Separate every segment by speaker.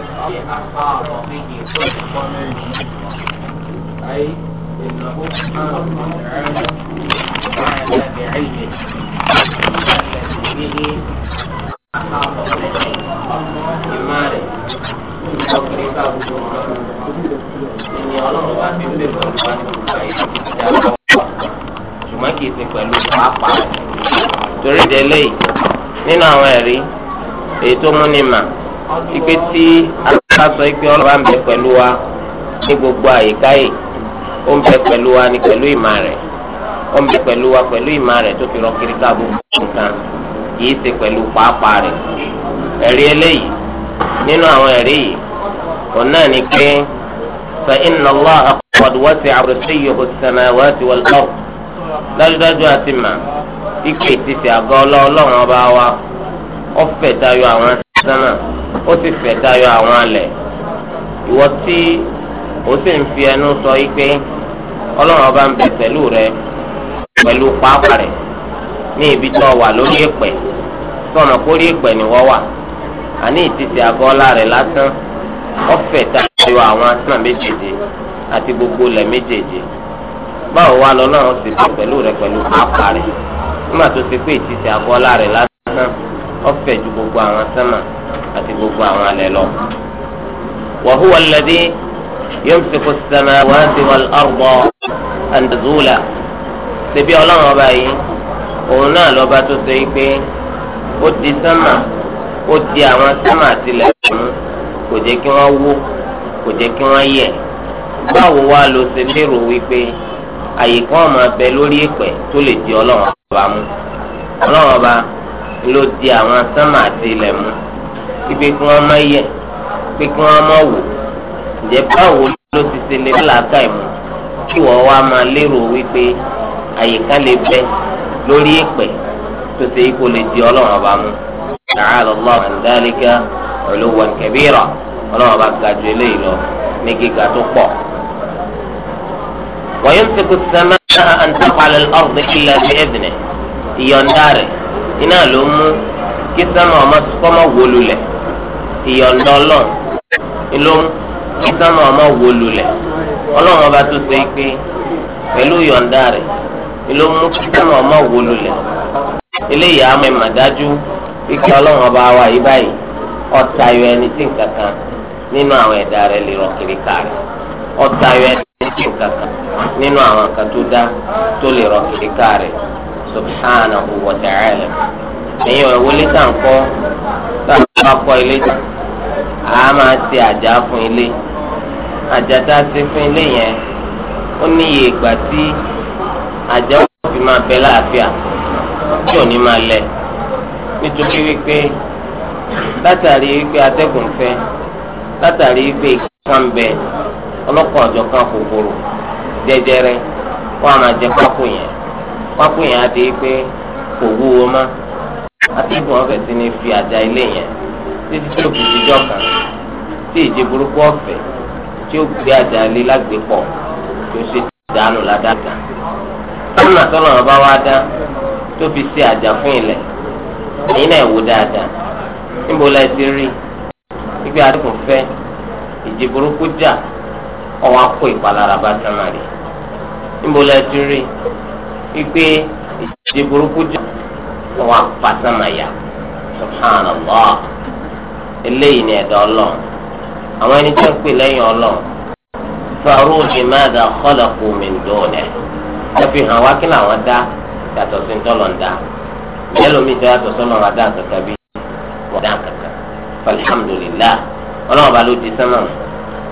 Speaker 1: أخطأ به صدقا أي إنه سبحانه وتعالى فعل بعلمه الذي به أحاط به من ماله من قدرته إني أراه ما في البر والفجر
Speaker 2: ṣùgbọ́n kì í ṣe pẹ̀lú pàápàá torí délé nínú àwọn ẹ̀rí èyí tó múni mà ipe tí alága sọ ipe ọlọ́ba ń bẹ pẹ̀lú wa ní gbogbo àyíká yìí ó ń bẹ pẹ̀lú wa ní pẹ̀lú ìmà rẹ̀ ó ń bẹ pẹ̀lú wa pẹ̀lú ìmà rẹ̀ tó fi rọ kiri gbogbo nǹkan kìí ṣe pẹ̀lú pàápàá rẹ̀ ẹ̀rí eléyìí nínú àwọn ẹ̀rí yìí òun náà ni pé fa inna Allah qad wasi'a kursiyyuhu as-samawati wal-ard dájúdájú àti mà ike ìtìsí àgọ́ ọlọ́ọ̀lọ́run ọba wa ọ̀fẹ́ tayọ àwọn sánà ó ti fẹ̀ tayọ àwọn alẹ̀ ìwọ tí ó sì ń fi ẹnu sọ yìí pé ọlọ́run ọba ń bẹ pẹ̀lú rẹ pẹ̀lú pápá rẹ ní ibi tó wà lórí èpẹ̀ sọ̀nà kórí èpẹ̀ ni wọ́n wà àní ìtìtì àgọ́ ọlá rẹ lásán ó fẹ̀ tayọ àwọn asán méjèèjì àti gbogbo ilẹ̀ méjèèjì báwo wá lọ náà ó sì bẹ pẹ̀lú rẹ pẹ̀lú pápá rẹ nígbà tó ti pé ìtìtì àgọ́ rẹ lásán ọ̀fẹ́ ju gbogbo àwọn sánmà àti gbogbo àwọn alẹ́ lọ. wa huwa alladhi yumsiku as-samawati wal-arda an tazula ṣebí ọlọ́run ọba yìí òun náà lọ́ba tó ṣe é pé ó di sánmà ó di àwọn sánmà àtìlẹ̀ mú kò jẹ́ kí wọ́n wó kò jẹ́ kí wọ́n yẹ̀ báwo wá lo ṣe lérò wípé àyè kan máa bẹ lórí ìpẹ́ tó lè di ọlọ́run ọba mú ọlọ́run ọba ló di àwọn sánmà àti ilẹ̀ mú ibi kí wọ́n má yẹ pé kí wọ́n má wò ǹjẹ́ báwo ló ti ṣe lè làákà ìmú kí wọ́n wá máa lérò wípé àyíká lè bẹ lórí ìpẹ́ tó ṣe kó lè di ọlọ́run ọba mú ta'ala Allahu an dhalika uluwan ọlọ́run ọba ga eléyìí lọ ní gíga tó pọ̀. wa yumsiku as-samaa an taqa 'ala al-ardi illa bi-idhnihi rẹ̀ iná ló mú kí sánmà ọmọ kọ́mọ wó lulẹ̀ ìyọ̀ǹda ọlọ́run ló mú kí sánmà ọmọ wó lulẹ̀ ọlọ́run ọba tó ṣe pé pẹ̀lú ìyọ̀ǹda rẹ̀ ló mú kí sánmà ọmọ wó lulẹ̀ eléyìí àmọ́ ẹ̀ mà dájú ike ọlọ́run ọba wa yìí báyìí ọ̀tá ayọ̀ ẹni tí nǹkan kan nínú àwọn ẹ̀dá rẹ̀ lè rọ kiri káàrí ọ̀tá ayọ̀ ẹni tí nǹkan kan nínú àwọn nǹkan dá tó lè rọ kiri káàrí subhanahu wa ta'ala
Speaker 1: ẹ̀yin ọ̀ wọlé tá n kọ́
Speaker 2: tá a bá kọ́ ilé tán a máa ṣe àjà fún ilé àjà tá a ṣe fún ilé yẹn ó ní iye ìgbà tí àjà ó fi máa bẹ láàfíà tí ò ní máa lẹ̀ nítorí wípé látàrí wípé atẹ́gùn fẹ́ látàrí wípé ìkan bẹ ọlọ́kọ̀ kan kòkòrò jẹjẹrẹ wọn a pákó yẹn. pápó yẹn adé pé kò wúwo ma atẹ́gùn ọ̀fẹ́ ti ní fi àjà ilé yẹn títí tí òkú ti jọ kàn tí burúkú tí gbé àjà ilé tí ṣe dànù ládàgà. ọba wa dá tó fi ṣe àjà fún èyí náà wò dáadáa níbo la ti rí gbígbé atẹ́gùn fẹ́ ìjì burúkú jà ọwọ́ akó ìpalára bá sánmà rí níbo la ti rí wípé ìṣe burúkú jù wọn àpàtàmàyà subhanallah eléyìí ni ẹ̀dá ọlọ́run àwọn ẹni tí wọ́n pè lẹ́yìn ọlọ́run fàrú ìmáàdà kọ́lọ̀kù mìndóòlẹ̀ wọ́n fi hàn wá kí làwọn dá yàtọ̀ sí ńtọ́lọ̀ ń dá mẹ́lòmíì tó yàtọ̀ sọ́nà wà dá nǹkan bí wọ́n dá nǹkan kan ọlọ́run bá ló di sánmà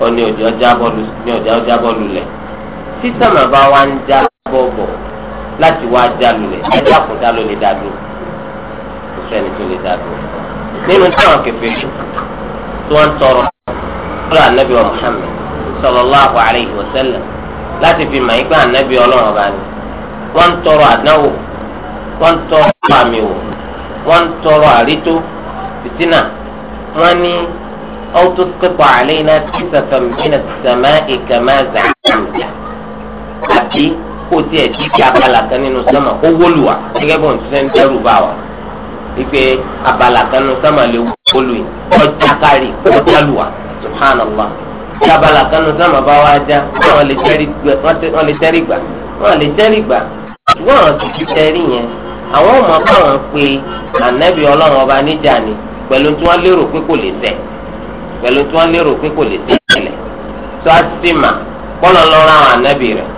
Speaker 2: ó ní ọjọ́ jábọ́ lulẹ̀ tí sánmà bá wá ń jábọ́ bọ̀ láti wá dálulẹ̀ ẹ̀dá kò dálò lè dá dúró kò sẹ́ni tó lè dá dúró. nínú táwọn kẹfẹ́ yìí tí wọ́n ń tọrọ lọ́wọ́ anabi wa Muhammad sallallahu alayhi wa sallam láti fi màá gbà anabi ọlọ́run ọba ni wọ́n ń tọrọ àdánwò wọ́n ń tọrọ àmì wò tọrọ àrító fìtínà wọ́n ní ọ̀túnkẹ́kọ̀ àlẹ́ iná tí sàtọ̀ mìíràn sàmá ìkàmá zàmìlà àti kó tiẹ̀ di ti abala kan nínú sánmà kó wólu wa gẹ́gẹ́ bó ń ṣe ń dẹ́rù bá wa wípé abala kan nínú sánmà lè wólu yìí ọjà kárì ọjà lù wa subhanallah tí abala kan nínú sánmà bá wa já wọ́n lè tẹ́rì gbà wọ́n lè tẹ́rì gbà wọ́n ti ti tẹ́rì yẹn àwọn ọmọ káwọn pe ànábì ọlọ́run ọba níjà ni pẹ̀lú tí wọ́n lérò pé kò lè tẹ̀ pẹ̀lú tí wọ́n lérò pé kò lè tẹ̀ tẹ̀lẹ̀ tó a ti mà kọ́ lọ́ lọ́ra àwọn ànábì rẹ̀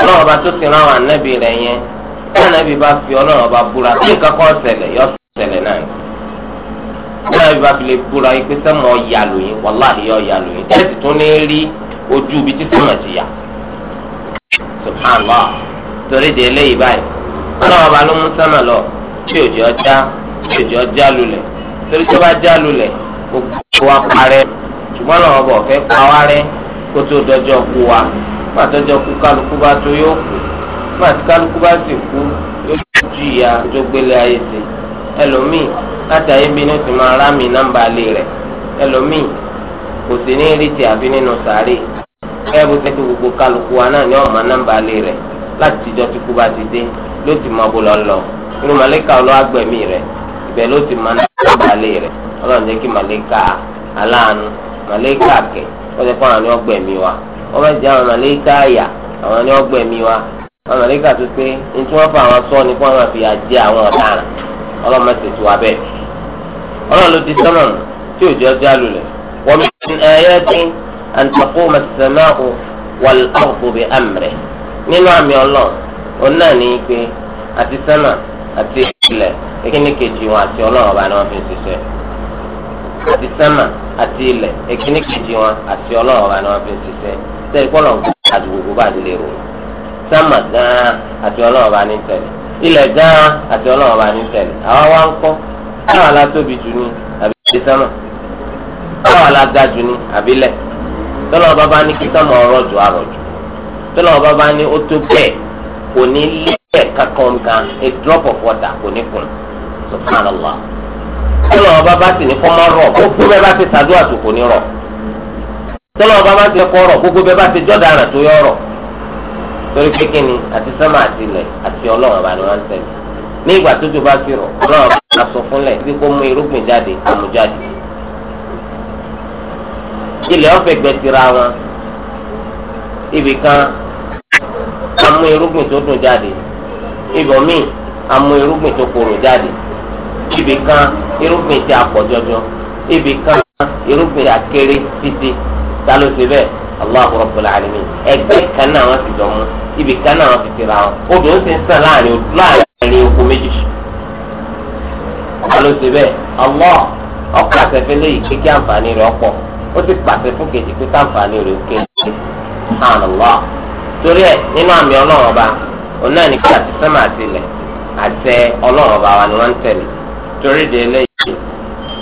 Speaker 2: aláwọ̀ bá tó ti rán àwọn anábì rẹ̀ yẹn tí anábì bá fi ọlọ́run ọba búra kí nǹkan kan ṣẹlẹ̀ yọ ṣẹlẹ̀ náà tí anábì bá fi lè búra yín pé sẹ́mọ̀ ọ̀yà lòyìn wàláhì ọ̀yà lòyìn tẹ́lẹ̀ sì tún ní rí ojú ibi tí sẹ́mọ̀ ti yà subhanallah torí de eléyìí báyìí ọlọ́run ọba ló mú sẹ́mọ̀ lọ tí òjò ọjà tí òjò ọjà lulẹ̀ torí tó bá já lulẹ̀ gbogbo wa parẹ́ ṣùgbọ́n ọlọ́run ọba ọ̀fẹ́ pa wa rẹ́ kó tó dọjọ́ kú wa pàtọ́jọ́ kú kálukú bá tó yóò kú nígbà tí kálukú bá sì kú yóò ju ìyá tó gbélé ayé sí ẹlòmíì láti ayé bí ní o ti máa rá mi nọ́mbà lé rẹ̀ ẹlòmíì kò sí ní rìtì àbí nínú sàárè ẹ bó ti gbogbo kálukú wa náà ní ọ̀mà nọ́mbà lé rẹ̀ láti tìjọ́ tí kú bá ti dé ló ti mọ bó lọ lọ inú màlẹ́kà ọlọ́àgbẹ̀mí rẹ̀ ibẹ̀ ló ti mọ nọ́mbà lé rẹ̀ ọlọ́run jẹ́ kí màlẹ́kà aláàánú màlẹ́kà kẹ̀ ó ti kọ́ àwọn ọgbẹ̀mí wa wọ́n máa jẹ́ àwọn màlẹ́kà àyà àwọn ni wọ́n gbẹ̀mí wa àwọn màlẹ́kà tó pé ní tí wọ́n fa àwọn sọ́ọ̀ ni kí wọ́n máa fi àjẹ́ àwọn ọ̀daràn ọlọ́mọ tètè wa bẹ́ẹ̀. ọlọ́run ló ti sọ́nà tí òjò ọjọ́ àlùlẹ̀ wọ́n mi ẹ̀yẹ́ dín àǹtakó màsàmáhù wàl àwòkòbè àmrẹ̀ nínú àmì ọlọ́run òun náà ní pé àti sánà àti ilẹ̀ ekínní kejì wọn àti ọlọ́run ọba àti sánà àti ilẹ̀ ekínní kejì wọn àti ọlọ́run ọba ni wọ́n fi ń ṣiṣẹ́ tẹ ìkọlọ̀ àti gbogbo bá ti lè rò wọn. sámà gan-an àti ọlọ́run bá ní tẹ̀lé ilẹ̀ gan-an àti ọlọ́run bá ní tẹ̀lé àwa wá ń kọ́ táwọn alátóbi jù ní àbí ilé sámà táwọn alága jù ní àbí ilẹ̀ bá bá ní kí sámà ọ̀rọ̀ jù àrọ̀ jù tọ́lọ́ bá bá ní ó tó bẹ́ẹ̀ kò ní lé ẹ̀ kankan gan a drop of water kò ní kùn subhanallah tọ́lọ́ bá bá sì ní kọ́mọ́ rọ̀ kó fún bẹ́ẹ̀ bá ti sàdúrà tó kò ní rọ̀ tọ́lọ́ ọba bá ti kọ́ ọ̀rọ̀ gbogbo bẹ́ẹ̀ bá ti jọ́dá àrà tó yọ ọ̀rọ̀ torí pé kíni àti sẹ́mà àti ilẹ̀ àti ọlọ́run ọba ni wọ́n ń ṣẹlẹ̀ ní ìgbà tó tó bá ti rọ̀ ọlọ́run ọba sọ fúnlẹ̀ bí kò mú irúgbìn jáde àmújáde ilẹ̀ ọ̀fẹ́ gbẹ̀tìra wọn ibì kan amú irúgbìn tó dùn jáde ibòmíì amú irúgbìn tó korò jáde ibì kan irúgbìn tí a jọjọ ibì kan irúgbìn tí títí ta ló ṣe bẹ́ẹ̀ Allahu Rabbul Alamin ẹgbẹ́ kan náà wọ́n ti ibi kanna ibì kan náà wọn odò ta ló Allah ọkọ̀ àtẹ̀fẹ́lẹ́ yìí kékeré àǹfààní rẹ̀ ọkpọ ti pàṣẹ fún kejì pé káǹfààní rẹ̀ oke torí nínú àmì ọba kí sẹ́mà wa ni wọ́n ń tẹ̀lé torí de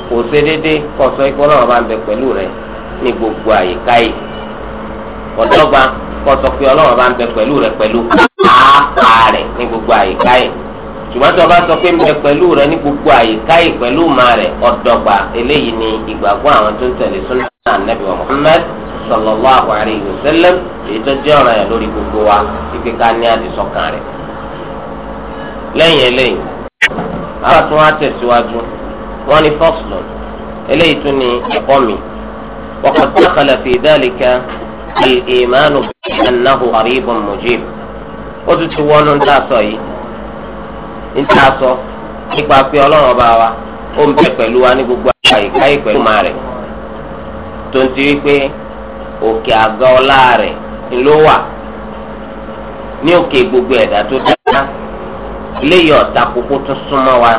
Speaker 2: kò ń bẹ pẹ̀lú ní gbogbo àyíká yìí ọ̀dọ́gba kọ́ sọ ọlọ́run bá ń bẹ pẹ̀lú rẹ pẹ̀lú rẹ ní gbogbo àyíká yìí rẹ ní gbogbo àyíká ma rẹ ọ̀dọ́gba eléyìí ni ìgbàgbọ́ àwọn tó ń tẹ̀lé èyí gbogbo wa ká ní àdìsọ́kàn rẹ̀ lẹ́yìn eléyìí àwọn tó wá tẹ̀síwájú wọ́n ní fọ́ọ̀sì eléyìí tún ní ẹ̀kọ́ mi وقد دخل في ذلك الإيمان بأنه قريب مجيب وتتوانو انت أصوي انت أصو nípa pé ọlọ́run ọba wa ó ń bẹ pẹ̀lú wa ní gbogbo àyíká yìí pẹ̀lú màá rẹ̀ tó ń ti rí pé òkè àga ọlá rẹ̀ ló wà ní òkè gbogbo ẹ̀dá tó dáa léyìí ọ̀tá kókó tó súnmọ́ wa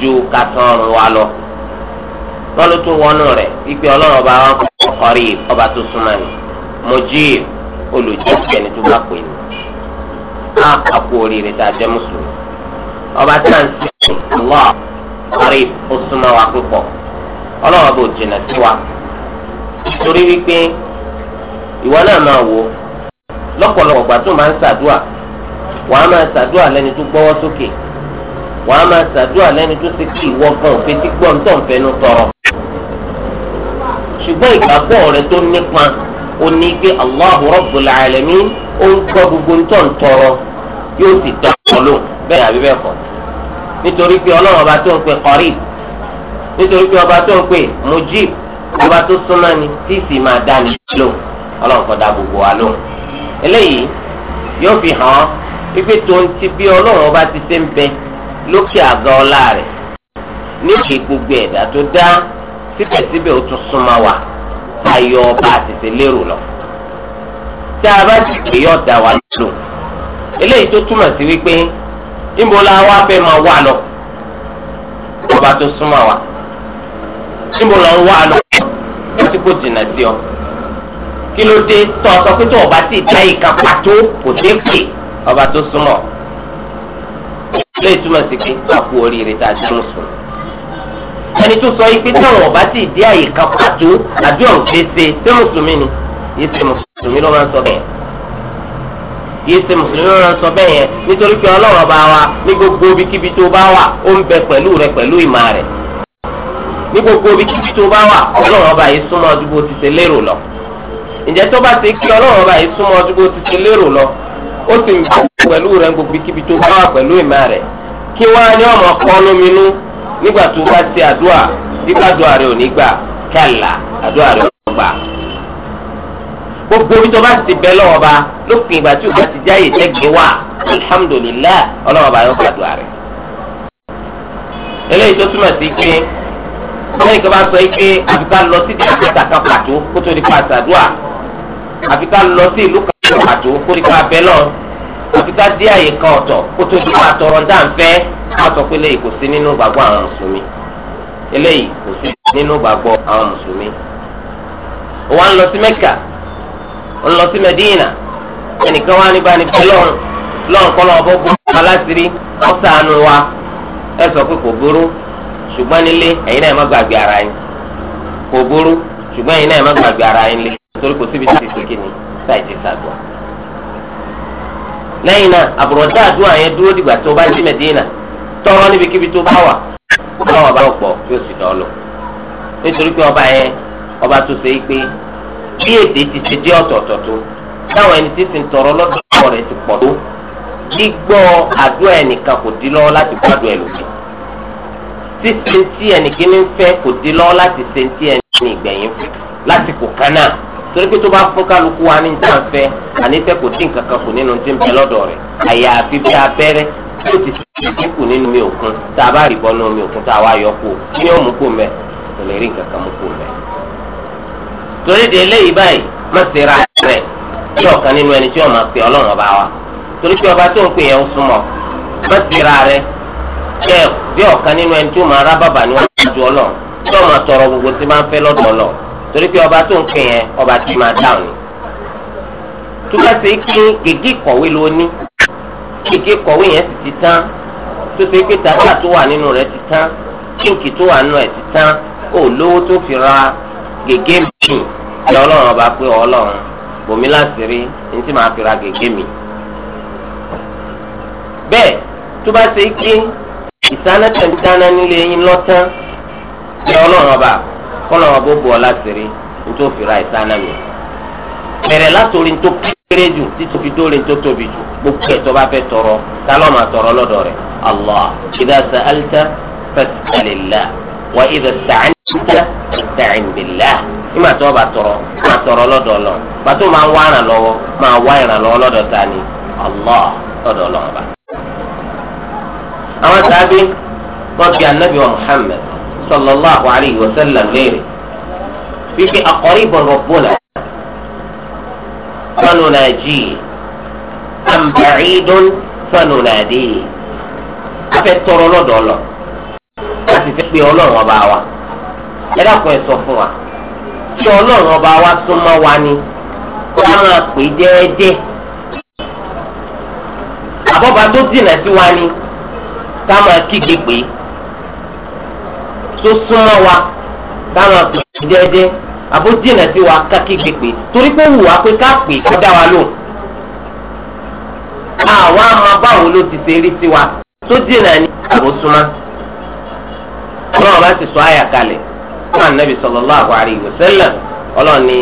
Speaker 2: ju kàtọ́rùn wa lọ. tọlụtụ ló wọnú rẹ̀ wípé ọlọ́run ọba wọn ọba tó súnmọ́ ni olùjẹ́sí ẹni tó bá pè ní oríire tá a jẹ́ mùsùlùmí ọba tí a ń sìn lọ ó súnmọ́ wa púpọ̀ ọlọ́run ọba ò sí wa torí wípé ìwọ náà máa wò lọ́pọ̀lọpọ̀ gbà tó wọ́n á máa ṣàdúrà lẹ́ni tó ti kí ìwọ gan òfin tí gbọ́n tó ń fẹnu tọrọ. ṣùgbọ́n ìgbàgbọ́ rẹ tó nípa ó ní pé Allahu Rabbul Alamin ó ń gbọ́ gbogbo tó ń tọrọ yóò sì dá ọ lò bẹ́ẹ̀ àbí bẹ́ẹ̀ kọ́. nítorí pé ọlọ́run ọba tó ń pè Qarib nítorí pé ọba tó ń pè Mujib ọba tó súnmọ́ ni tí sì máa dá ni lò ọlọ́run kọ́ dá gbogbo wa lò. eléyìí yóò fi hàn án wípé tó ń ti bí ọlọ́run ọba ti ṣe ń bẹ́ẹ̀ lókè àga ọlá rẹ̀ níbi gbogbo ẹ̀dá tó dá síbẹ̀síbẹ̀ ó tún súnmọ́ wa ayọ̀ ọba àtẹ̀tẹ̀ lérò lọ. tá a bá ti pè yọ̀ dá wa lò eléyìí tó túmọ̀ sí wípé níbo la wá fẹ́ máa wà lọ ọba tó súnmọ́ wa níbo la ń wà lọ wọ́n ti kó jìnnà sí ọ kí ló dé tọ́ ọ sọ pé tó ọba ti dá ìka pàtó kò dé pè ọba tó súnmọ́ lè túmọ̀ sí pé àpò oríire tá a ti mú sùn. ẹni tó sọ yìí pé táwọn ọba ti dé àyè kan pàtó àbí ọ̀rùn fèsè pé mùsùlùmí ni yìí ṣe mùsùlùmí ló máa ń sọ bẹ́ẹ̀ yìí ṣe mùsùlùmí ló máa ń sọ bẹ́ẹ̀ yẹn nítorí pé ọlọ́run ọba wa ní gbogbo ibikíbi tó bá wà ó ń bẹ pẹ̀lú rẹ pẹ̀lú ìmọ̀ rẹ̀ ní gbogbo ibikíbi tó bá wà ọlọ́run ọba yìí súnmọ́ ọdún bó ti ṣe lérò lọ ǹjẹ́ tó bá ti kí ọlọ́run ọba yìí súnmọ́ ọdún ti ṣe lérò lọ ó sì ń bá pẹ̀lú rẹ̀ gbogbo kíbi tó bá wà pẹ̀lú ìmọ̀ rẹ̀ kí wọ́n á ní ọmọ kọ́ lóminú nígbà tó bá ti àdúrà nígbà àdúrà rẹ̀ ò ní gbà kẹ́là àdúrà rẹ̀ ò gbà. gbogbo omi tó bá ti bẹ́ lọ́wọ́ ba lópin ìgbà tí bá ti jáyè tẹ́gbẹ́ wà ọlọ́wọ́ bá yọ rẹ̀. eléyìí tó túmọ̀ sí pé lẹ́yìn bá sọ pé àfikà lọ sí ìdílé pàtó àtàdúrà àfikà lọ sí ìlú pàtó àfi ká dé àyè kan ọ̀tọ̀ kó tó dúró àtọ̀rọ̀ dá ń fẹ́ má sọ pé eléyìí kò sí nínú gbàgbọ́ àwọn mùsùlùmí eléyìí kò sí nínú gbàgbọ́ àwọn mùsùlùmí. òwa ń lọ sí Mẹ́kà ń lọ sí Mẹ́dínà ẹnìkan wá ní báni pé lọ́run lọ́run kọ́ lọ́wọ́ bó bó aláṣírí ó ṣàánú wa ẹ sọ pé kò burú ṣùgbọ́n nílé ẹ̀yin náà ẹ má gbàgbé ara yín kò burú ṣùgbọ́n ẹ̀yin náà ẹ má gbàgbé ara yín lé torí kò síbi tí ti sèké ni táì ti sàgbọ́n lẹ́yìn náà àbùrọ̀dá àdúrà yẹn dúró dìgbà tó bá jí mẹ̀dínà tọrọ níbikíbi tó bá wà báwọn bá pọ̀ yóò sì dán lọ. nítorí pé ọba yẹn ọba tó ṣe é pé bí èdè ti ṣe jẹ́ ọ̀tọ̀ọ̀tọ̀ tó táwọn ẹni tí ti ń tọrọ lọ́dọ̀ rẹ̀ ti pọ̀ tó gbígbọ́ àdúrà ẹnìkan kò dín lọ́wọ́ láti gbádùn ẹlòmíì sísentí ẹnìkíní fẹ́ kò dín lọ́wọ́ láti sentí ẹni ìgbẹ̀yìn lásìkò kan náà torí pé tó bá fún kálukú wa ní nǹkan fẹ́ ànífẹ́ kò dín kankan kù nínú tí ń bẹ lọ́dọ̀ rẹ̀ àyàfi bí abẹ́rẹ́ tí ó ti dínkù nínú mi òkun tá a bá rí bọ́ nínú mi òkun tá a wá yọ kó kí ni ó mú kó mẹ́ kò lè rí nǹkan kan mú kó mẹ́. torí de eléyìí báyìí má ṣe ra rẹ̀ kí ọ̀kan nínú ẹni tí wọ́n máa pe ọlọ́run ọba wa torí pé ọba tó ń pè yẹn ń súnmọ́ má ṣe ra rẹ̀ bí ọ̀kan nínú ẹni tí ó máa rá níwájú
Speaker 1: ọlọ́run
Speaker 2: tí wọ́n torí pé ọba tó ń pè yẹn ọba tí máa dáhùn ni. túbọ̀ ṣe kí gègé kọ̀wé ló ní gègé kọ̀wé yẹn sì ti tán tó ṣe pé tàbá tó wà nínú rẹ̀ ti tán kíǹkì tó wà nínú ẹ̀ ti tán ó lówó tó fi ra gègé mi ẹ ọlọ́run ọba pé ọlọ́run bòmí láti rí ní tí màá fi ra gègé mi. bẹ́ẹ̀ tó bá ṣe kí ìsáná tẹ̀mítánná nílé yín lọ́tán ẹ ọlọ́run ọba kọ́lọ̀ wọn bó bu ọ láti rí nítorí òfin ra ìsáná mi. bẹ̀rẹ̀ látòrí tó kéré jù títí fi dóore tó tóbi jù gbogbo ẹ̀ tó bá fẹ́ tọrọ tá ló máa tọrọ lọ́dọ̀ rẹ̀ allah idha sa'alta fas'alillah wa idha ista'anta fasta'in billah nígbà tí wọ́n bá tọrọ máa tọrọ lọ́dọ̀ lọ pàtó máa wá ìrànlọ́wọ́ máa wá ìrànlọ́wọ́ lọ́dọ̀ ta allah lọ́dọ̀ lọ́wọ́ bá. àwọn sábẹ́ wọ́n fi anabi wa muhammed sallallahu alayhi wa sallam léèrè fífi aqaribun rabbuna fanunajihi am ba'idun fanunadihi afẹ́ tọrọ lọ́dọ̀ lọ láti fẹ́ pé ọlọ́run ọba wa ẹ dákun ẹ sọ fún wa tí wa wa ni a máa pè déédéé àbọ̀bá tó sí wa ni ká máa tó súnmọ́ wa táwọn ọ̀gbìn jẹ́jẹ́ àbó jìnà sí wa kákí gbèpè torí pé wù wá pé ká pè é kọjá wa lò. àwa máa báwo ló ti ṣe rí sí wa tó jìnà ní àbó súnmọ́. ọlọ́run bá ti sọ àyà kalẹ̀ fún anabi sallallahu alaihi wasallam ọlọ́run ni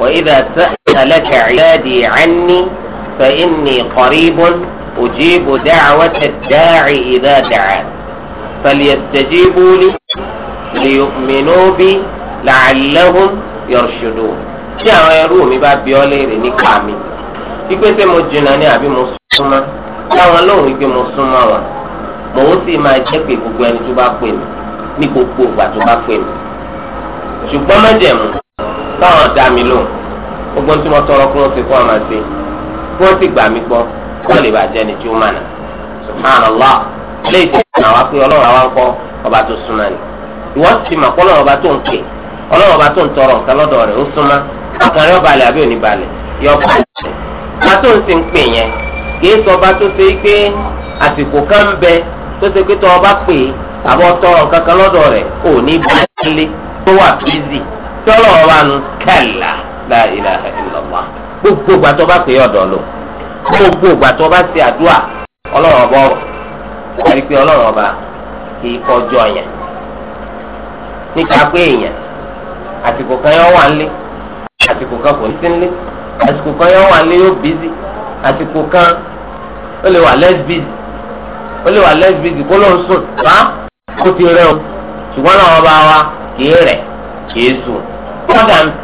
Speaker 2: wa idha sa'alaka 'ibadi 'anni fa inni qaribun ujibu da'wata ad-da'i idha da'an. فليستجيبوا لي ليؤمنوا بي لعلهم يرشدون tí àwọn ẹrú mi bá bi ọ́ léèrè nípa mi wípé ṣé mo jìnnà ni àbí mo súnmọ́ táwọn lóhùn wípé mo súnmọ́ wọn mò ń sì máa jẹ́ pé gbogbo ẹni tó bá pè mí ní gbogbo ìgbà tó bá pè mí ṣùgbọ́n mẹ́jẹ̀mú táwọn dá mi lóhùn gbogbo tí mo tọrọ kí wọ́n ti kọ́ ọ máa ṣe kí wọ́n sì gbà mí gbọ́ kí wọ́n lè bàjẹ́ ni tí ó mànà subhanallah. ilé ìtẹ̀sán àwọn akpé ọlọ́run àwọn akọ ọba tó súnmọ́ ni ìwọ́n ti ọba tó ń pè ọlọ́run ọba tó ń tọrọ nǹkan lọ́dọ̀ rẹ̀ ó súnmọ́ ọkàn rẹ̀ ọbalẹ̀ àbí òní ọba ọba tó ń ti ń yẹn kì í sọ ọba tó ṣe pé àsìkò kan ń bẹ ọba pè àbọ̀ tọrọ nǹkan kan lọ́dọ̀ rẹ̀ ò ní balẹ̀ tó wà bízì ọba àti ọlọ́run ọba kì í anya yẹn níta pé èèyàn àsìkò kan wà nílé àsìkò kan kò sí nílé àsìkò kan wà nílé yóò àsìkò kan ó lè wà busy ó lè wà less busy kó ló ń sùn bá kó ti rẹ o ṣùgbọ́n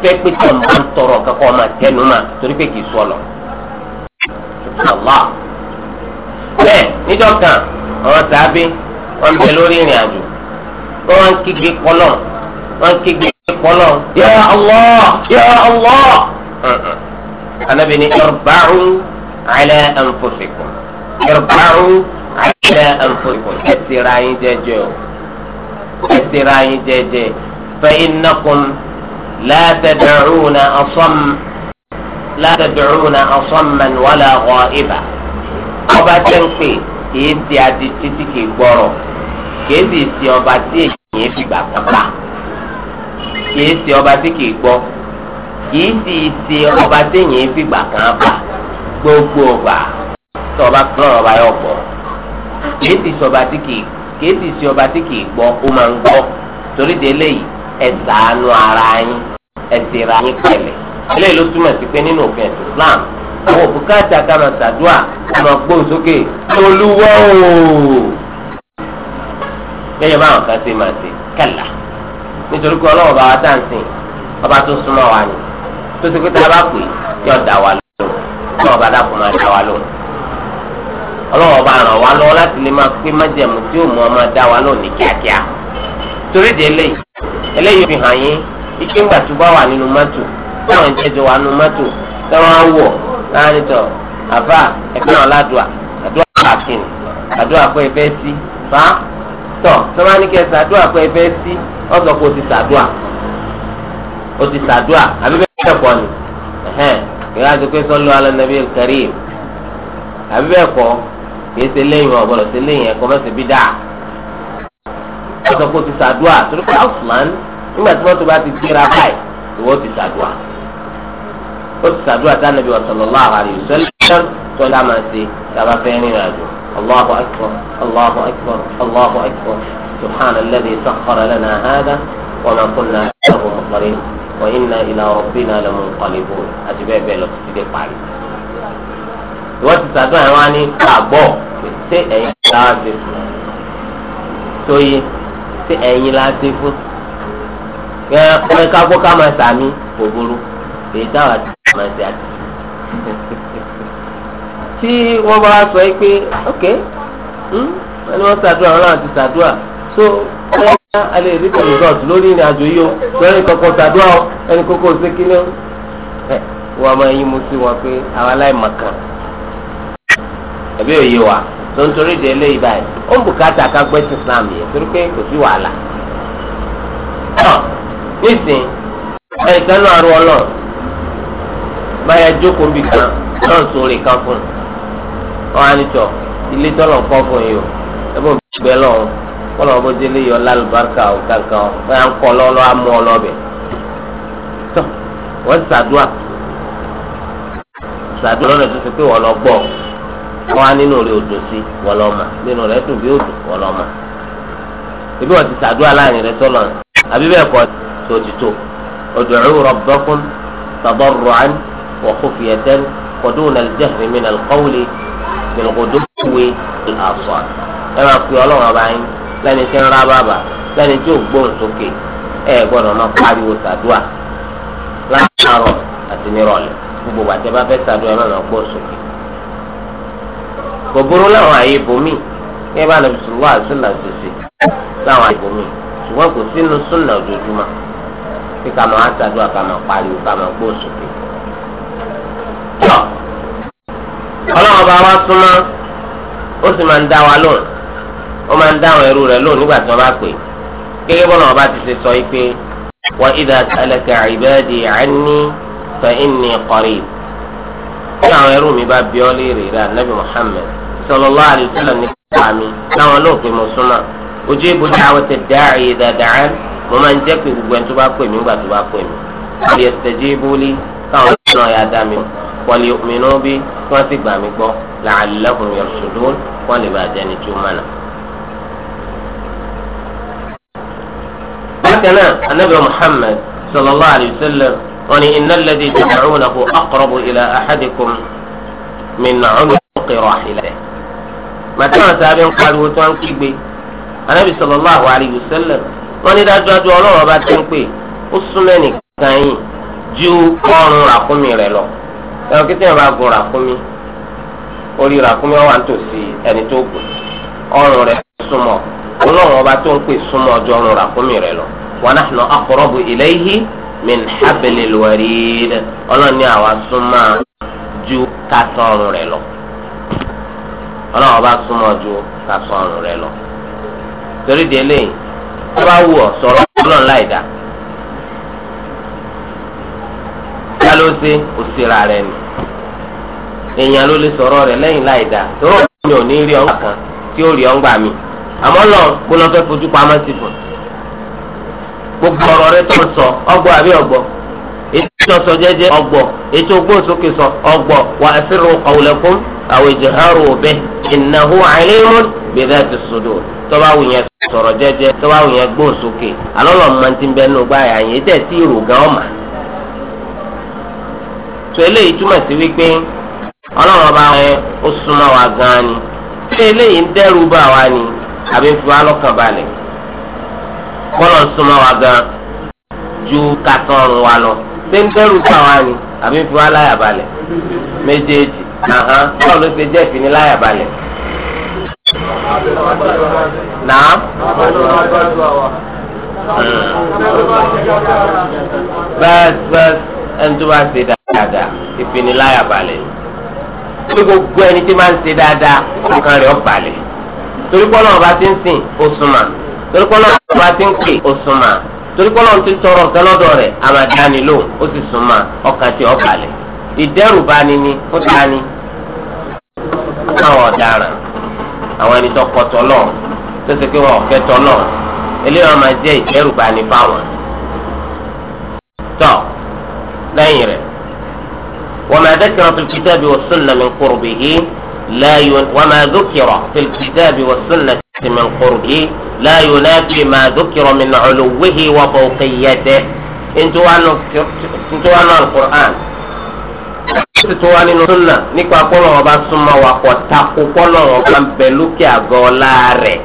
Speaker 2: rẹ̀ tọrọ kankan ọmọ àtẹnu torí pé sọ lọ. bẹ́ẹ̀ níjọ́ kan. àwọn tàbí wọn bẹ lórí ìrìn àjò wọn ń kígbe kọlọ wọn ń kígbe kọlọ ya Allah ya Allah anabi ni irba'u ala anfusikum irba'u ala anfusikum ẹsẹ̀ ra yín jẹ́jẹ́ o ẹsẹ̀ ra yín jẹ́jẹ́ fa innakum la tad'una asam la tad'una asamman wala ọba tẹ́ kìí ṣe adití tí kìí gbọ́rọ̀ kìí sì ṣe ọba kìí ọba tí kìí gbọ́ kìí sì ṣe ọba tí kan bá gbogbo ọba tí ọba ọba kìí sì ọba tí kìí kìí sì ṣe ọba tí kìí ó máa ń torí ẹ ara yín ẹ yín àwọn òbúkátà ká máa ṣàdúrà ká máa gbóhùn sókè olúwa ooo yẹ́yẹ́ báwọn kan ṣe máa ṣe kẹ́là nítorí pé ọlọ́wọ́ bá wa tá à ń sìn ọba tó súnmọ́ wa ni tó ti pé tá a bá pè yóò dá wa lóhùn ọlọ́wọ́ bá dàpọ̀ máa dá wa lóhùn ọlọ́wọ́ bá ràn wá lọ́wọ́ láti lè máa pé májẹ̀mú tí ó mú ọ máa dá wa lóhùn ní kíákíá torí de eléyìí eléyìí fi hàn yín ike tó bá wà nínú mọ́tò táwọn jẹjọ wà nínú mọ́tò táwọn á wọ̀ láàrin tọ àbá ẹgbẹ́ náà ládùá àdúrà kàkìn àdúrà pé ẹ fẹ́ sí fa tọ tọ́wá ní kẹsàn àdúrà pé ẹ fẹ́ sí ọ̀sọ̀ kó o ti sàdúà o ti sàdúà àbí bẹ́ẹ̀ bẹ́ẹ̀ kọ́ ni ìyá àti pé sọ́lọ́ alẹ́nàbí kẹrìm àbí bẹ́ẹ̀ kọ́ kìí ṣe lẹ́yìn ọ̀gbọ́dọ̀ ṣe lẹ́yìn ẹ̀kọ́ mẹ́sẹ̀ bí dáa ọ̀sọ̀ kó o ti sàdúà torí pé ọ̀sùn máa ń nígbà tí wọ́n tó bá ti gbéra báyìí ìwọ ti sàdúà ó ti sàdúrà tánàbí sallallahu alaihi wasallam tó dá máa ṣe tàbá fẹ́ rìnrìn àjò Allahu akbar Allahu akbar Allahu akbar subhana alladhi sakhkhara lana hadha wa ma kunna lahu muqrinin wa inna ila rabbina lamunqalibun àti bẹ́ẹ̀ bẹ́ẹ̀ lọ sí dé parí. ìwọ́n ti sàdúrà wọn ní àbọ̀ ṣé ẹ̀yin láti fún tóyé ṣé ẹ̀yin láti fún. ẹ ọmọ ẹ̀ka gbọ́ ká máa sàmí gbogbooro èyí táwa ti máa ṣe àti. tí wọ́n bá sọ yìí pé ok hmm, wọ́n ní wọ́n ṣàdúrà wọn náà ti ṣàdúrà so ẹ̀ka a lè rí result lórí ìrìn àjò yìí o lórí kọ̀kọ̀ ṣàdúrà o ẹni kókó ṣe kí ni o. wọ́n máa yín mu sí wọn pé àwọn aláìmọ̀kan ẹ̀bí òye wa tó ń torí de eléyìí báyìí ó ń bùkátà ká gbẹ́sì Islam yẹn torí pé kò sí wàhálà. nísìnyí ẹ̀ka náà rú ọ báyà jókòó bì kan náà sóore kan fún un wọn á ní tọ ilé tọ́lọ̀ kọ́ fún yìí o ẹ bó bẹ lọ́wọ́ kọ́lọ̀ bó délé yọ lálùbáríkà o kankan o báyà ń kọ́ lọ́lọ́ amú ọ lọ́bẹ̀ tọ́ wọ́n ṣàdúà ṣàdúà lọ́nà tó ti pé wọ́n lọ gbọ́ wọn á nínú rẹ̀ òdò sí wọ́n lọ́ mà nínú rẹ̀ dùn bí òdò wọ́n lọ́ mà ibi wọn ti ṣàdúà láàrin rẹ̀ tọ́lọ̀ àbí bẹ́ẹ̀ kọ́ tó ti tó ud'u rabbakum tadarru'an وخفية ودون الجهر من القول بالغدو والآصال ẹ̀rọ àpè ọlọ́run ọba yín lẹ́ni tí ń ra bàbà lẹ́ni tí ò gbóhùn sókè ẹ̀ gbọ́dọ̀ máa pariwo sàdúà láàárọ̀ àti nírọ̀lẹ́ gbogbo bàtẹ́ bá fẹ́ sàdúà náà máa gbóhùn sókè. gbogbo láwọn àyè bòmí kí ẹ bá lọ sùn wá àṣìlá ṣèṣe láwọn àyè bòmí ṣùgbọ́n kò sínú súnà ojoojúmọ́ kí ká máa sàdúà ká máa pariwo ká máa gbóhùn sókè ọlọ́run ọba wa súnmọ́ ó sì máa ń dá wa lóhùn ó máa ń dá àwọn ẹrú rẹ̀ lóhùn nígbà tí wọ́n bá pè gẹ́gẹ́ bọ́lá ọba ti ṣe sọ yìí pé wa idha salaka ibadi anni fa inni qarib bí àwọn ẹrú mi bá bi ọ́ léèrè rẹ̀ anabi Muhammad sallallahu alaihi wasallam nípa mi láwọn lóhùn pé mo súnmọ́ ojú ibo da'wata da'i idha da'an mo máa ń jẹ́ pé gbogbo ẹni tó bá pè mí nígbà tó bá pè mí lè ṣèjì wọlé mìínú bí wọ́n sì gbà mí gbọ́ làálẹ́kùn yẹn ṣòdó wọ́n lè bàjẹ́ ní tí ó mọ̀nà. bákan náà anabi muhammed sallallahu alayhi wa sallam wọ́n ní iná lẹ́dí tẹ̀sán-ún-nàkú akọ̀rọ̀bù ilà àhádìkùn mìíràn ọ̀nà kẹrọ àhìlẹ̀. màtíwọ̀n sábẹ́ ń pariwo tó ń kígbe anabi sallallahu alayhi wa sallam wọ́n ní dájúdájú ọlọ́run ọba ti ń pè ó súnmẹ́nì kan yìí ju ọrùn ràkúnmí rẹ̀ lọ. ẹ̀rọ ọba tẹ̀yìn bá gun ràkúnmí orí ràkúnmí ọ̀wà nítòsí ẹni tó gùn ọrùn rẹ̀ súnmọ́ ọba tó ń pè súnmọ́ ọjọ́ ọrùn ràkúnmí rẹ̀ lọ wa nahnu aqrabu ilayhi min hablil ní àwa súnmọ́ ju kásán lọ ọba súnmọ́ ju lọ torí délé bá wù láì dáa. ta ló ṣe òṣèrà rẹ ni èèyàn ló lè sọ̀rọ̀ rẹ lẹ́yìn láì tóró mi ò ní rí kan tí ó rí mi àmọ́ lọ gbọ́dọ̀ fẹ́ fojú pamọ́ sí fún gbogbo ọ̀rọ̀ rẹ tó ń sọ ọgbọ́ àbí ọgbọ́ ètò sọ jẹ́jẹ́ ọgbọ́ ètò ògbóǹsókè sọ ọgbọ́ wà á sí wù yẹn sọ̀rọ̀ wù yẹn gbóǹsókè alọ́lọ́ gbáyà yẹn tẹ̀ sí tó eléyìí túmọ̀ sí wípé ọlọ́run ọba wọn ó súnmọ́ wa gan-an ni tí eléyìí ń dẹ́rù bá wa ni àbí fi wá lọ́kàn balẹ̀ ń súnmọ́ wa gan ju kàtọ́rùn wa lọ ṣé ń dẹ́rù bá wa ni àbí fi wá láyà balẹ̀ méjèèjì kọ́lọ̀ ló ṣe jẹ́ ìfini dáadáa ìfiniláyà balẹ̀ torí gbogbo ẹni tí máa ń ṣe dáadáa ọkàn rẹ̀ ó balẹ̀ torí pọ́nà ọba ti ń sìn ó súnmà torí pọ́nà ọba ti ń pè ó súnmà torí pọ́nà ti tọrọ nǹkan lọ́dọ̀ rẹ̀ àmàdánilò ó sì súnmà ọkàn tí ó balẹ̀ ìdẹ́rùbani ni fún tani àwọn ọ̀daràn àwọn ẹni tó kọtọ náà tó ṣe pé wọn ò kẹtọ náà eléyàwó máa jẹ́ ìdẹ́rùbani fáwọn. tọ́ lẹ́yìn rẹ̀. وما ذكر في الكتاب والسنة من قربه لا ي... وما ذكر في الكتاب والسنة من قربه لا ينافي ما ذكر من علوه وفوقيته انتوا عن انتوا عن القرآن tuntun wa nínú sunna nípa kọlọ ọba súnmọ́ wa kọ tako kọlọ ọba ń bẹ lókè àgọ ọlá rẹ̀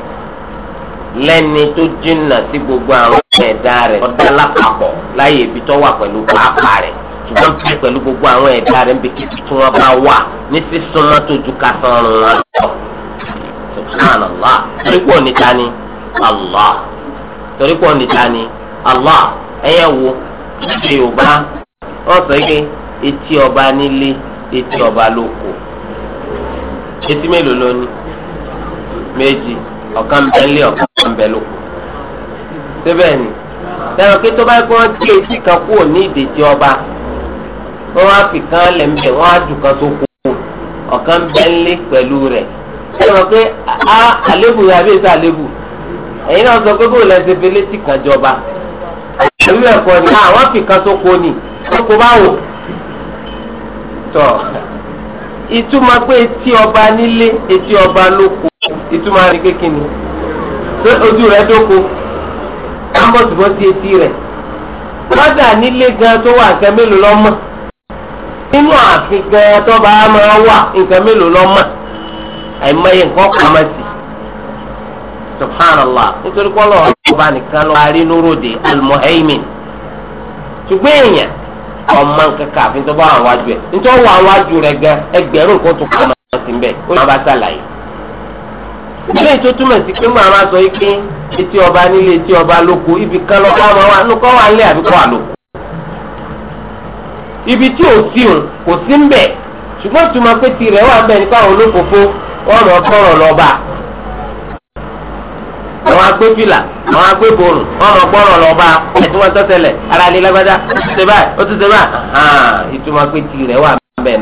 Speaker 2: lẹ́ni tó jìnnà sí gbogbo àwọn ẹ̀dá rẹ̀ ọdá lápapọ̀ láyé ibi tó wà pẹ̀lú pàápàá rẹ̀ ṣùgbọ́n bí pẹ̀lú gbogbo àwọn ẹ̀dá rẹ̀ ń bẹ kí tí wọ́n bá wà ní sísun wọn tó ju kásán rún wọn lọ. subhanallah torí pọ̀ níta ni allah torí pọ̀ níta ni allah ẹ̀yẹ wo ṣe yorùbá wọ́n sọ pé etí ọba nílé etí ọba lóko etí mélòó ló ní méjì ọ̀kan bẹ́ẹ̀ lé ọ̀kan bẹ́ẹ̀ lóko síbẹ̀ ni ẹ̀rọ kí tó bá kí wọ́n gé etí kan kúrò ní ìdèjì ọba wọ́n wá fi kan lẹ̀ ń bẹ̀ wọ́n á jù kan tó kú ọ̀kan bẹ́ńlé pẹ̀lú rẹ̀ ẹ mọ̀ pé a àlébù rẹ̀ àbí èso àlébù ẹ̀yin náà sọ pé bó lẹ ṣe fele tì kan jọba àbí ẹ̀kọ́ ni àwọn fi kan tó kú ni tó kú báwo tọ̀ ìtumọ̀ pé etí ọba nílé etí ọba lóko ìtumọ̀ rẹ̀ kékeré pé ojú rẹ̀ dóko ambọ̀tìbọ̀tì etí rẹ̀ kọ́dà nílé gan tó wà sẹ́mẹ́lò lọ́mọ́. nínú àfikẹ́ tọ́ba máa wà nǹkan mélòó lọ́mọ àìmọye nǹkan pamọ́ sí subhanallah nítorí kọ́ lọ́wọ́ ọba nìkan lọ́wọ́ arínúròde almuhaimin ṣùgbọ́n èèyàn ọmọ nkankan àfi tọ́ba wà wájú ẹ̀ nítorí wà wájú rẹ̀ gan ẹgbẹ̀rún nǹkan tó kọ́ ọmọ sí mbẹ́ ó ní bá ṣàlàyé. ilé tó túmọ̀ sí pé sọ etí ọba nílé etí ọba lóko ibì kan ibi tí o sí kò sí ń bẹ̀ ṣùgbọ́n tuma pé tirẹ̀ wà bẹ́ẹ̀ nípa àwọn olófòfó wọn lọ kọ́rọ̀ lọ́ba àwọn agbẹ́fìlà àwọn agbẹ́bọ̀rùn wọn lọ kọ́rọ̀ lọ́ba wọn ara lè lágbájá ó ti ṣe báyìí ti pé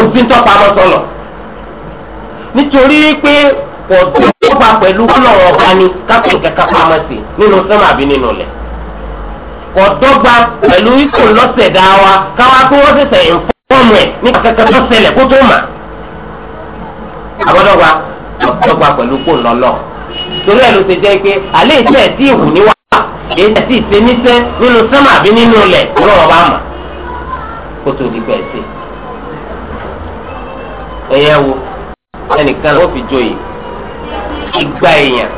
Speaker 2: ojú tó pamọ́ sọ̀lọ̀ nítorí pé ọ̀dọ́ tó bá pẹ̀lú ọlọ́run ọba ni kápẹ́ kankan pamọ́ sí nínú sẹ́mu àbí nínú ilẹ̀ ọ̀dọ́gba pẹ̀lú ikú lọ́sẹ̀ dá wa káwá tó wọ́n ṣẹ̀ṣẹ̀ ìfọ́ọ̀mù ẹ̀ ní kankan tó ṣẹlẹ̀ kó tó mà àbọ̀dọ́gba ọ̀dọ́gba pẹ̀lú ikú lọ́lọ́ torí ẹ̀ ló ṣe jẹ́ pé àlẹ́ ìṣe ẹ̀ tí ìwù ní wá èyí ẹ̀ tí ìṣe níṣẹ́ nínú sẹ́mu àbí nínú ilẹ̀ ọlọ́run ọba mà kó tó di pẹ̀sẹ̀ ẹyẹ wo ẹnìkan ló fi joyè igba èèyàn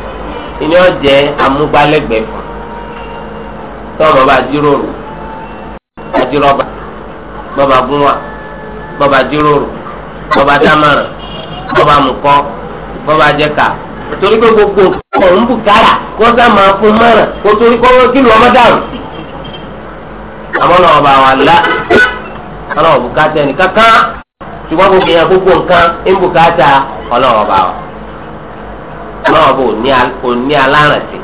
Speaker 2: ìní ọjẹ amúgbálẹ́gbẹ̀ẹ́ fún tọrọ bá jíròrò bá jíròrò bọba gúnwà bọba jíròrò bọba dámọ̀ràn bọba mùkọ bọba jẹka torí pé gbogbo ọ̀hún bùkárà kó sá máa fún mọ́ràn kó torí kó kí lọ́mọ dàrú àmọ́ náà ṣùgbọ́n gbogbo yẹn gbogbo nǹkan ń bùkátà ọlọ́run ọba wa ọlọ́run ọba ò ní alárànṣe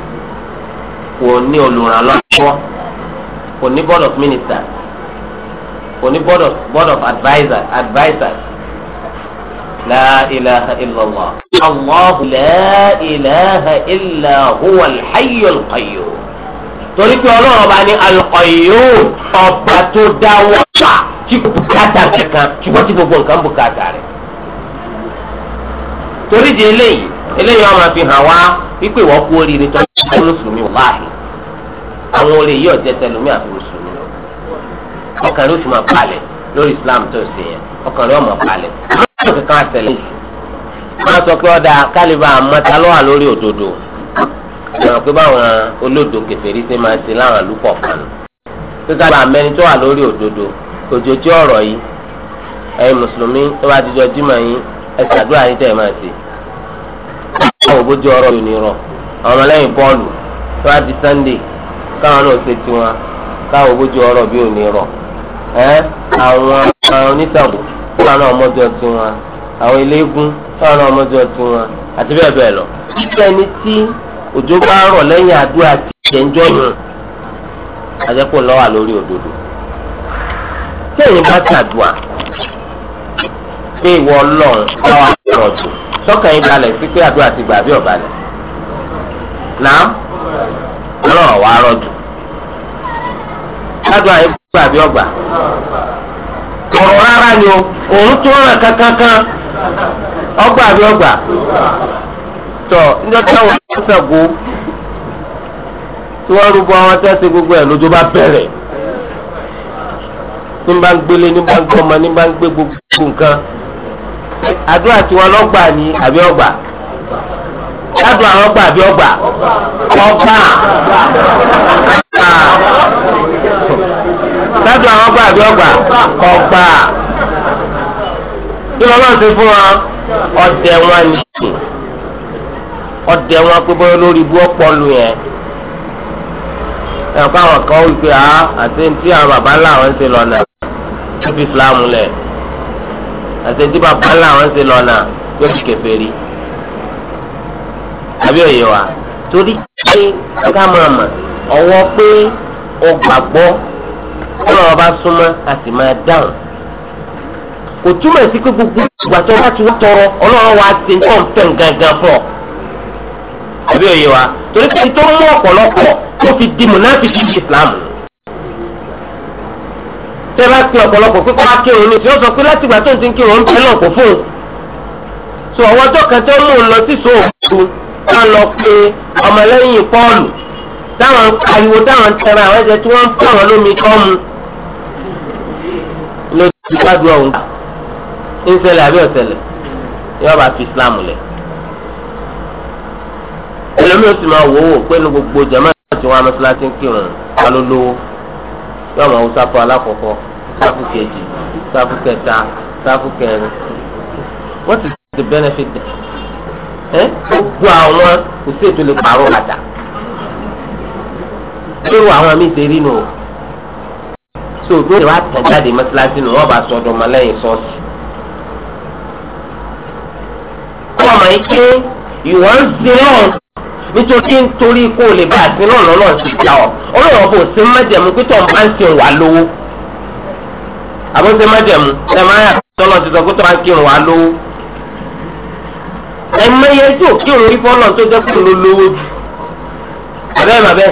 Speaker 2: kò ní olùrànlọ́wọ́ kò ní board of ministers kò ní board of board of advisers advisers la ilaha illallah allahu la ilaha illa huwa alhayyul qayyum. torí pé ọlọ́run bá ní Al-Qayyum ọba tó dá wọ́n fà tí bùkátà ṣùgbọ́n tí gbogbo nǹkan bùkátà rẹ̀.
Speaker 1: torí di eléyìí
Speaker 2: eléyìí fi hàn wá wípé kú oríire tó ń bá mùsùlùmí wà àwọn olè yìí ọ̀jẹ̀ mùsùlùmí lọ ọkàn máa lórí Islam tó ṣe yẹn ọkàn máa àwọn ìmọ̀ pé báwọn olódò kèfèrí ṣe máa ṣe láwọn àlùkò kan kíkà bá mẹni tó wà lórí òdodo òjò tí ọ̀rọ̀ yìí ẹ̀yin mùsùlùmí tó bá dijọ́ jímọ̀ yín ẹ ṣàdúrà yín tẹ̀ máa ṣe. àwọn òbójú ọ̀rọ̀ yìí ni rọ àwọn ọmọlẹ́yìn bọ́ọ̀lù tó bá di sannde káwọn náà ṣe tiwọn káwọn òbójú ọ̀rọ̀ bí ò ní rọ. àwọn onítàbù káwọn náà mọ́jọ tiwọn àwọn eléégún káwọn náà mọ́jọ tiwọn àti bẹ́ẹ̀ bẹ́ẹ̀ lọ. ẹni tí òjò bá rọ̀ lẹ́yìn àdúrà tiẹ̀ ń jọ̀yìn àjẹpọ̀ lọ́wọ́ lórí òdodo tẹ́yìn bá tàdùà pé ìwọ ọlọ́run
Speaker 1: báwa lọ
Speaker 2: jù sọ́kàn yín balẹ̀ sí pé àdúrà ti gbà bí ọ̀balẹ̀ náà ọlọ́run wàá rọ̀jù ládùn àyè gbogbo àbí ọgbà ọ̀rọ̀ rárá ni o òun tún rẹ̀ kankan kan ọgbà àbí ọgbà tọ níjọ́ táwọn ọmọ ṣàgó tí wọ́n rúbọ àwọn tí wọ́n ṣe gbogbo ẹ̀ lójó bá bẹ̀rẹ̀ ní bá ń gbélé ní bá ń gbọ́mọ ní bá ń gbé gbogbo nǹkan àdúrà tí wọ́n lọ́gbà ní àbí ọgbà ládùn àwọn ọgbà àbí ọgbà ọgbà ládùn àwọn ọgbà àbí ọgbà ọgbà kí wọ́n lọ́ọ́ sí fún wọn ọ̀tẹ̀ wọn nìyí ọdẹ wọn pé bọ́yọ́ lórí ibú ọpọlù yẹn ẹ̀ káwọn kan wí pé àá àti tí àwọn bàbá ńlá àwọn ń ṣe lọ́nà tó fi Islam lẹ̀ àti tí bàbá ńlá àwọn ń ṣe lọ́nà yóò fi kèfèrí àbí òye wa torí
Speaker 1: pé ká máa
Speaker 2: mọ̀ ọwọ́ pé o gbàgbọ́ kí wọ́n bá súnmọ́ a sì máa dáhùn kò túmọ̀ sí pé gbogbo ìgbà tó bá ti wá tọrọ ọlọ́run wa ti ń tọ́ ń fẹ́ gangan fún ọ àbí òye wa torí pé tó mú ọ̀pọ̀lọpọ̀ tó fi di mùnáfíkì islam. tẹ́ bá pe ọ̀pọ̀lọpọ̀ pé kó wá kírun ní tí ó sọ pé láti ìgbà tó ń ti ń kírun ń bẹ́ lọ kó fún un. sọ àwọn ọjọ́ kan tó mú un lọ sí sóòkù ká lọ pé ọmọlẹ́yìn pọ́ọ̀lù táwọn ariwo táwọn tẹ̀ra àwọn ẹ̀jẹ̀ tí wọ́n ń pọ̀ wọn lómi kọ́ mu. ló ti gbádùn ọ̀hún. ń ẹlòmíì ó sì máa wò ó pé ní gbogbo jama ti wọn amọ́síláṣí ń kírun alólówó yóò máa wo sáfù alákọ̀ọ́kọ́ sáfù kejì sáfù kẹta sáfù kẹrin what is the benefit there? ẹ gbogbo àwọn kò sí ètò lè pààrọ̀ àdá lérò àwọn míì ṣe rí nù o so bí wọ́n ti wá tẹ̀ jáde mọ́síláṣí nù wọ́n bá sọ ọdún ọmọlẹ́yìn sọ́ọ̀sì. ọmọ yìí ké ìwọ ń sin náà nítorí nítorí kó o lè bá àti náà lọ́nà ti gbà ọ́ ọlọ́run kò sí májẹ̀mú pé tó ń bá ń sin wà lówó àbọ̀sí májẹ̀mú ẹ máa yà tọ́lọ̀ ti sọ pé tó bá ń kírun wà lówó ẹ mẹ́yẹ tí ò kírun rí fọ́nà tó jẹ́ kó ló lówó jù àbẹ́ bàbẹ́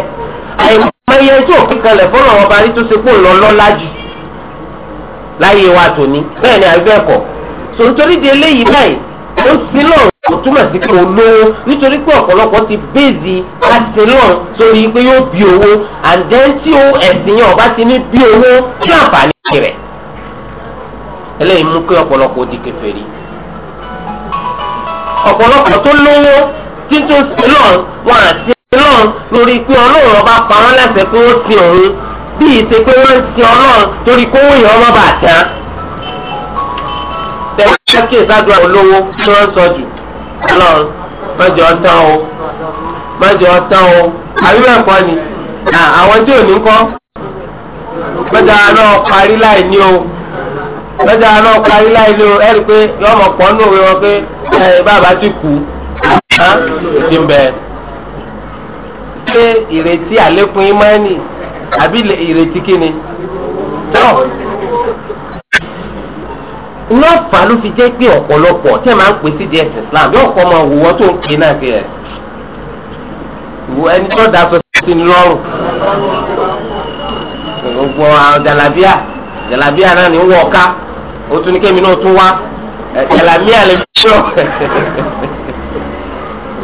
Speaker 2: àìmọye tí òfin kalẹ̀ fọ́nà wọn bá rí tó ṣe kó ń lọ lọ́lá jù láyé wa tòní bẹ́ẹ̀ ni àbí bẹ́ẹ̀ kò túmọ̀ sí pé olówó nítorí pé ọ̀pọ̀lọpọ̀ ti bèèzì àtẹlọ́n sórí pé yóò bí owó àǹdẹ́ tí ó ẹ̀sìn yẹn ọba ti ní bí owó kí àǹfààní rẹ̀ eléyìí mú pé ọ̀pọ̀lọpọ̀ di kèfèrí ọ̀pọ̀lọpọ̀ tó lówó tí tó sílọ̀n wọn àti sílọ̀n lórí pé ọlọ́run ọba pa wọn lẹ́sẹ̀ pé ó sin òun bí ìṣe pé wọ́n ń sin ọlọ́run torí kó wòye ọmọ bàtà tẹ̀wé kí ìsájú àwọn olówó tí wọ́n ń sọ jù ọlọ́run mẹjọ tán o mẹjọ tán o àbíbẹ̀ ẹ̀kọ́ ni àwọn tí ò ní kọ́ mẹ́ta náà parí láì ní o mẹjọ náà parí láì ní o ẹ̀rí pé yọmọ pọ̀ ní òwe wọn pé ẹ̀ bàbá ti kú ti bẹ̀. ṣé ìrètí àlékún iná fà ló fi jẹ́ pé ọ̀pọ̀lọpọ̀ tí ẹ máa ń pè sí ds islam yóò kọ́ ọmọ òwò tó ń pè náà fi ẹ̀ ẹni tó da sọ sí ni lọ́rùn gbogbo àwọn jàlábíà jàlábíà náà ni ń wọ ọ̀ká ó tún ní kémi náà tún wá jàlábíà lè fi lọ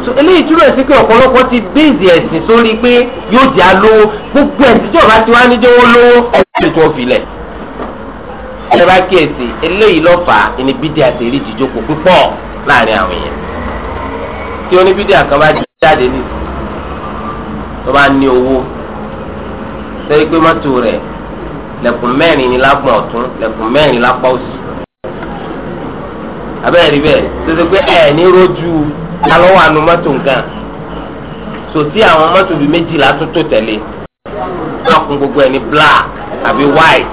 Speaker 2: so eléyìí túbọ̀ sí pé ọ̀pọ̀lọpọ̀ ti bíìsì ẹ̀sìn sórí pé yóò jẹ́ alówó gbogbo ẹ̀sìn tí ọba ti wá níjẹ́ wọn lówó ẹ̀sìn ẹ bá kíyèsí eléyìí ló fà á ẹni bídíà ti rí jíjókò púpọ̀ láàrin àwọn èèyàn tí oníbídíà kan bá jáde ní tó bá ní owó sẹ́yìn pé mọ́tò rẹ̀ lẹ́kùn mẹ́rin ní lápá ọ̀tún lẹ́kùn mẹ́rin ní lápá òsì abẹ́rẹ́ bẹ́ẹ̀ tó ṣe pé ẹ̀ ní rojú alọ́wọ́ àánú mọ́tò nǹkan sòtí àwọn mọ́tò bíi méjìlá tó tó tẹ̀lé wọn gbogbo ẹ̀ ní black àbí white.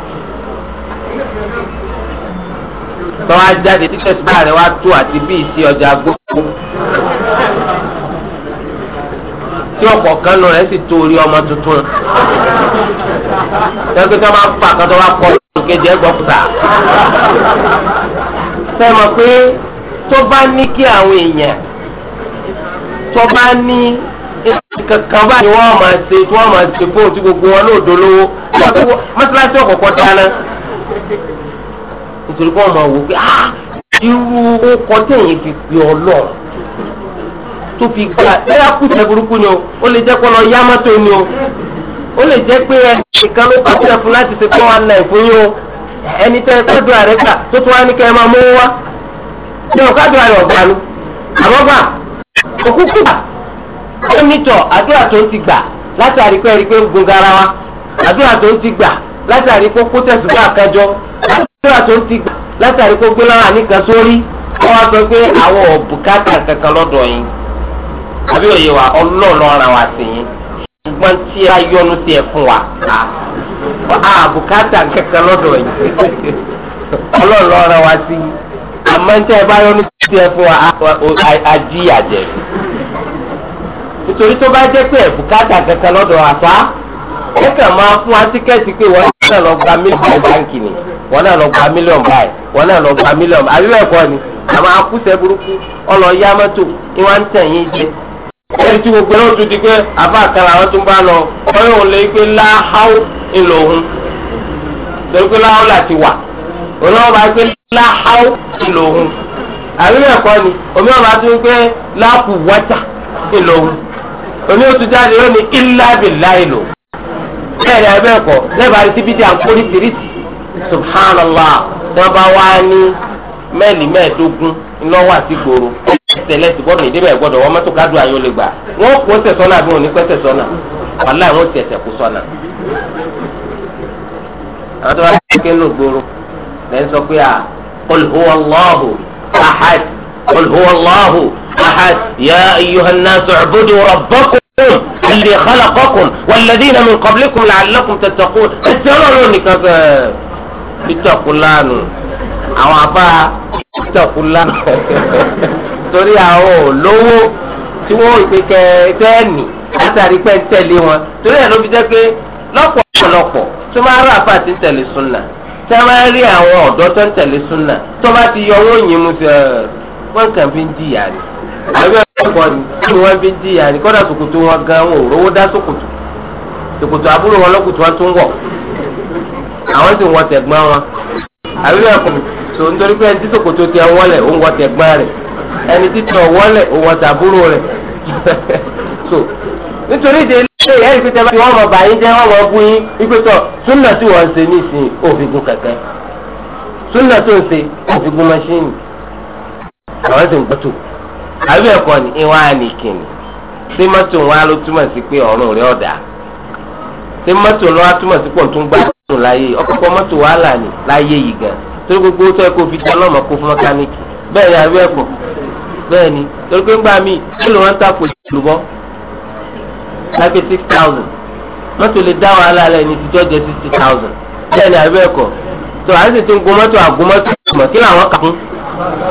Speaker 2: tọ́wọ́ ajáde tíkẹ́tì bá rẹ̀ wá tó àti bíi ti ọjà gbogbo. tí ọ̀pọ̀ kan nù rẹ̀ sì tó orí ọmọ tuntun. tẹ́gbẹ́ tí wọ́n bá fà kán tó wá kọ́ ìkejì ẹgbọ́n kùtà. sẹ́mọ̀ pé tó bá ní kí àwọn èèyàn tó bá ní kankan báyìí wọ́n máa ṣe tí wọ́n máa ṣe fóònù tí gbogbo wọn lóòdó lówó. mọ́tíláṣí ọ̀kọ̀ọ̀kan dáná nítorí kọ́ máa wò pé ah irú ọkọ tẹ̀yìn fi pè ọ lọ tó fi gbà ẹ̀yà kùtẹ̀ burúkú ni o ó lè jẹ́ kó lọ yá mọ́tò ni o ó lè jẹ́ pé ẹnìkan ló bá tẹ̀ fún láti ṣe pé wọ́n á nà ìfún yín o ẹni tẹ́ ẹ tọ́jú ààrẹ gbà tó tún wá ní kẹ́ ẹ máa mú wá ní ọ̀kadù ayọ̀ ọ̀gbà ni àmọ́ gbà òkúkú gbà ó nítọ̀ àdúrà tó ń ti gbà látàrí pé ẹ̀rí pé ń gun garawa àdúrà tó ń ti gbà látàrí kókó tẹ̀sùbá àkájọ tíra tó ń ti gbà látàrí kó gbé lára nìkan sórí wọ́n wá sọ pé àwọn ọ̀bùkátà kankan lọ́dọ̀ yín àbí òye wa ọlọ́ọ̀lọ́ ara wa sí yín ṣùgbọ́n tí a yọnu sí ẹ fún wa àbùkátà kankan lọ́dọ̀ yín ọlọ́ọ̀lọ́ ara wa sí yín àmọ́ tí ẹ bá yọnu sí ẹ fún wa àjíyàjẹ nítorí tó bá jẹ́ pé ẹ̀bùkátà kankan lọ́dọ̀ wa fa. wọ́n kàn máa fún wa tíkẹ́ẹ̀tì pé wọ́n náà lọ gba mílíọ̀nù báńkì ni wọ́n náà lọ gba mílíọ̀nù báyìí wọ́n náà lọ gba mílíọ̀nù àbí bẹ́ẹ̀ kọ́ ni àmọ́ akúṣẹ́ burúkú ọlọ yá mọ́tò ni wọ́n ń tẹ̀yìn jẹ. ẹni tí gbogbo náà tún di pé àbá àkàrà wọn tún bá lọ lè pé pé láti wà bá pé àbí bẹ́ẹ̀ kọ́ bẹ́ẹ̀ ni abẹ́ ẹ̀kọ́ lẹ́bàá rí síbi tìrìtì subhanallah wọ́n bá wá ní mẹ́ẹ̀lì mẹ́ẹ̀ẹ́dógún ńlọ́wọ́ àti gbòòrò ẹsẹ̀ lẹ́sìn gbọ́dọ̀ ìdíbẹ̀ gbọ́dọ̀ wọ́n mẹ́tò kádùn ayé olè gbà wọ́n kó ní ti ẹ̀sẹ̀ kó àwọn tó bá ti gbòòrò الذي خلقكم والذين من قبلكم لعلكم تتقون اتقوا نكف اتقوا الله àwọn afá اتقوا الله torí àwọn olówó tí wọn ìpè kẹtẹẹnì látàrí pé ń tẹ̀lé wọn torí ẹ̀ ló fi jẹ́ pé lọ́pọ̀lọpọ̀ tó máa rà fà tí ń tẹ̀lé súnà tí a máa rí àwọn ọ̀dọ́ tó ń tẹ̀lé súnà tó bá ti yọ owó yìí mú sí ẹ wọn kàn fi ń jìyà ni àbẹ ọkọ ni kí wọn fi ń jìyà ní kọ́dà ṣòkòtò wọn gan wọn ò rówó dá ṣòkòtò ṣòkòtò àbúrò wọn lọ́kùtù wọn tún wọ̀ àwọn sì ń wọ tẹ̀gbọ́n wọn àbí bẹ́ẹ̀ kọ́ so nítorí pé ẹni tí ṣòkòtò tẹ wọlé ó ń wọ tẹ̀gbọ́n rẹ̀ ẹni tí tọ̀ wọlé ó wọ tàbúrò rẹ̀ so nítorí ìdè ilé ìyá ìfi tẹ bá ti wọ́n mọ̀ bàyí jẹ́ wọ́n mọ̀ bú yín wípé tọ̀ súnà tí wọ́n ń ṣe nísìnyí òfin gun kẹ̀kẹ́ súnà tó ń ṣe òfin gun mọ́ṣíìnì àwọn sì ń gbọ́tò. àbí ẹ̀kọ́ ni ìwọ̀n ànìkìnì ṣé mọ́tò wọn á ló túmọ̀ sí pé ọ̀run rẹ̀ ọ̀dà ṣé mọ́tò wọn á túmọ̀ sí pọ̀ tó ń gbá tó láyé ọkọ̀ mọ́tò gbogbo tó ẹ fi jẹ ọlọ́mọ kó fún mọ́kánìkì bẹ́ẹ̀ ni àbí ẹ̀kọ́ bẹ́ẹ̀ ni torí pé ńgbà kí ló ta kò six thousand mọ́tò lè dá wàhálà rẹ̀ ní sixty thousand bẹ́ẹ̀ ni àbí ẹ̀kọ́ tó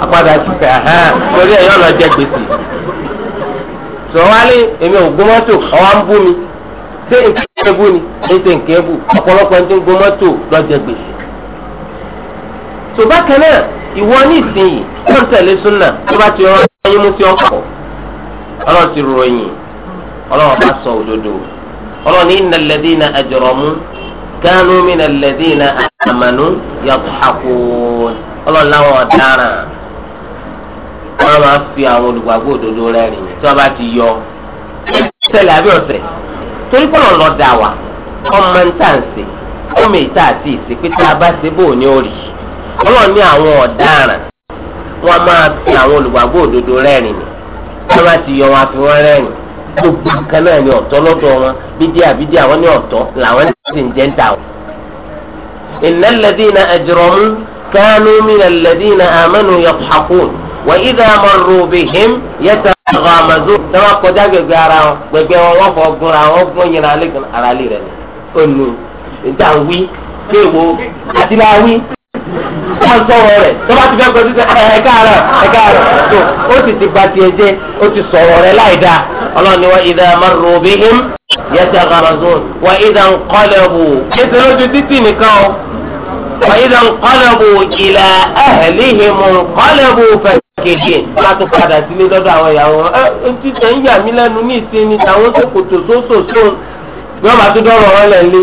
Speaker 2: apádà sífẹ̀ hàn torí ẹ̀ yọ̀ lọ jẹ gbèsè. sọ̀wálé èmi ò gbọ́ mọ́tò ọwọ́ ń bú mi ṣé nǹkan bú ni ṣé nǹkan bú ọ̀pọ̀lọpọ̀ ẹni tó ń gbọ́ mọ́tò lọ jẹ gbèsè. ṣùgbọ́n kan náà ìwọ ní ìsinyìí wọ́n tẹ̀lé súnà tó bá ti rán ẹyin mú sí ọkọ̀ ọlọ́run ti ròyìn ọlọ́run bá sọ òdodo ọlọ́run ní innal ladina ajramu kanu minal ladina amanu yadhakun ọlọ́run láwọn ọ̀daràn wọ́n máa fi àwọn olùgbàgbọ́ òdodo rẹ́rìn tí wọ́n bá ti yọ ṣẹlẹ̀ àbí ọ̀sẹ̀ torí pé ọ̀lọ́ da wa ọmọ ń tà ń sè ọmọ ìta àti ìsèpé tá a bá ṣe bò ní òrì ọlọ́run ní àwọn ọ̀daràn wọ́n máa fi àwọn olùgbàgbọ́ òdodo rẹ́rìn ni wọ́n bá ti yọ wọn àfi wọ́n rẹ́rìn gbogbo nǹkan náà ni ọ̀tọ̀ lọ́dọ̀ wọn bídí àbídí àwọn ní ọ̀tọ̀ làwọn ti ń jẹ́ ń ta wọn. innal ladina كانوا من الذين آمنوا يضحكون وإذا مروا بهم يتغامزون تما قدا غارا غبي وان فوغون وان فوغون ينا على لي رن انو انت وي كيو ati sọ̀rọ̀ rẹ̀ tó ti fẹ́ gbọ́dọ̀ ẹ ẹ káàárọ̀ ẹ káàárọ̀ tó ó sì ti gba tiẹ̀ jẹ́ ó ti sọ̀rọ̀ rẹ̀ láì dáa ọlọ́run ni wa ìdá marru bihim yataghamazun wa ìdá nqalabu. ètò lójú títì nìkan o وإذا انقلبوا إلى أهلهم انقلبوا فكهين má tún padà sílé lọ́dọ̀ àwọn ìyàwó ẹ etí tẹ̀ ń yà mí lẹ́nu ní ìsinmi tàwọn tó kò tó sóṣòṣò bí wọ́n bá tún dọ́rọ̀ wọn lẹ̀ lé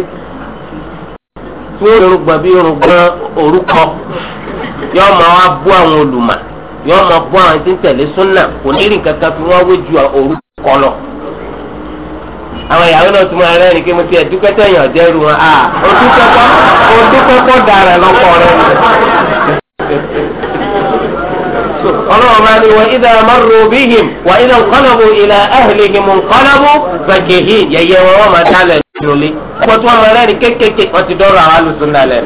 Speaker 2: tí ó yorùn gbọ̀n bí yorùn gbọ̀n orúkọ yóò máa wá bú àwọn olùmọ̀ yóò máa bú àwọn tí ń tẹ̀lé súnà kò ní rìn kankan fi wọ́n wé ju orúkọ lọ àwọn ìyàwó náà tún máa rẹ́rìn kí mo ti ẹ̀dúpẹ́ tẹ̀yàn ọ̀jẹ́rù wọn a òdúpẹ́kọ́ dára lọ́kọ rẹ̀ ọlọ́run máa ní wọ́n ìdá márùn bíhìm wọ́n ìdá nkọ́nàbù ìlà ahlihim nkọ́nàbù
Speaker 1: fẹ̀kẹ̀hì yẹ̀yẹ̀ wọn wọ́n máa dálẹ̀
Speaker 2: lólé ẹ̀kọ́ tí wọ́n máa rẹ́rìn kékèké wọ́n ti dọ́rọ̀ àwọn alùsùn dálẹ̀.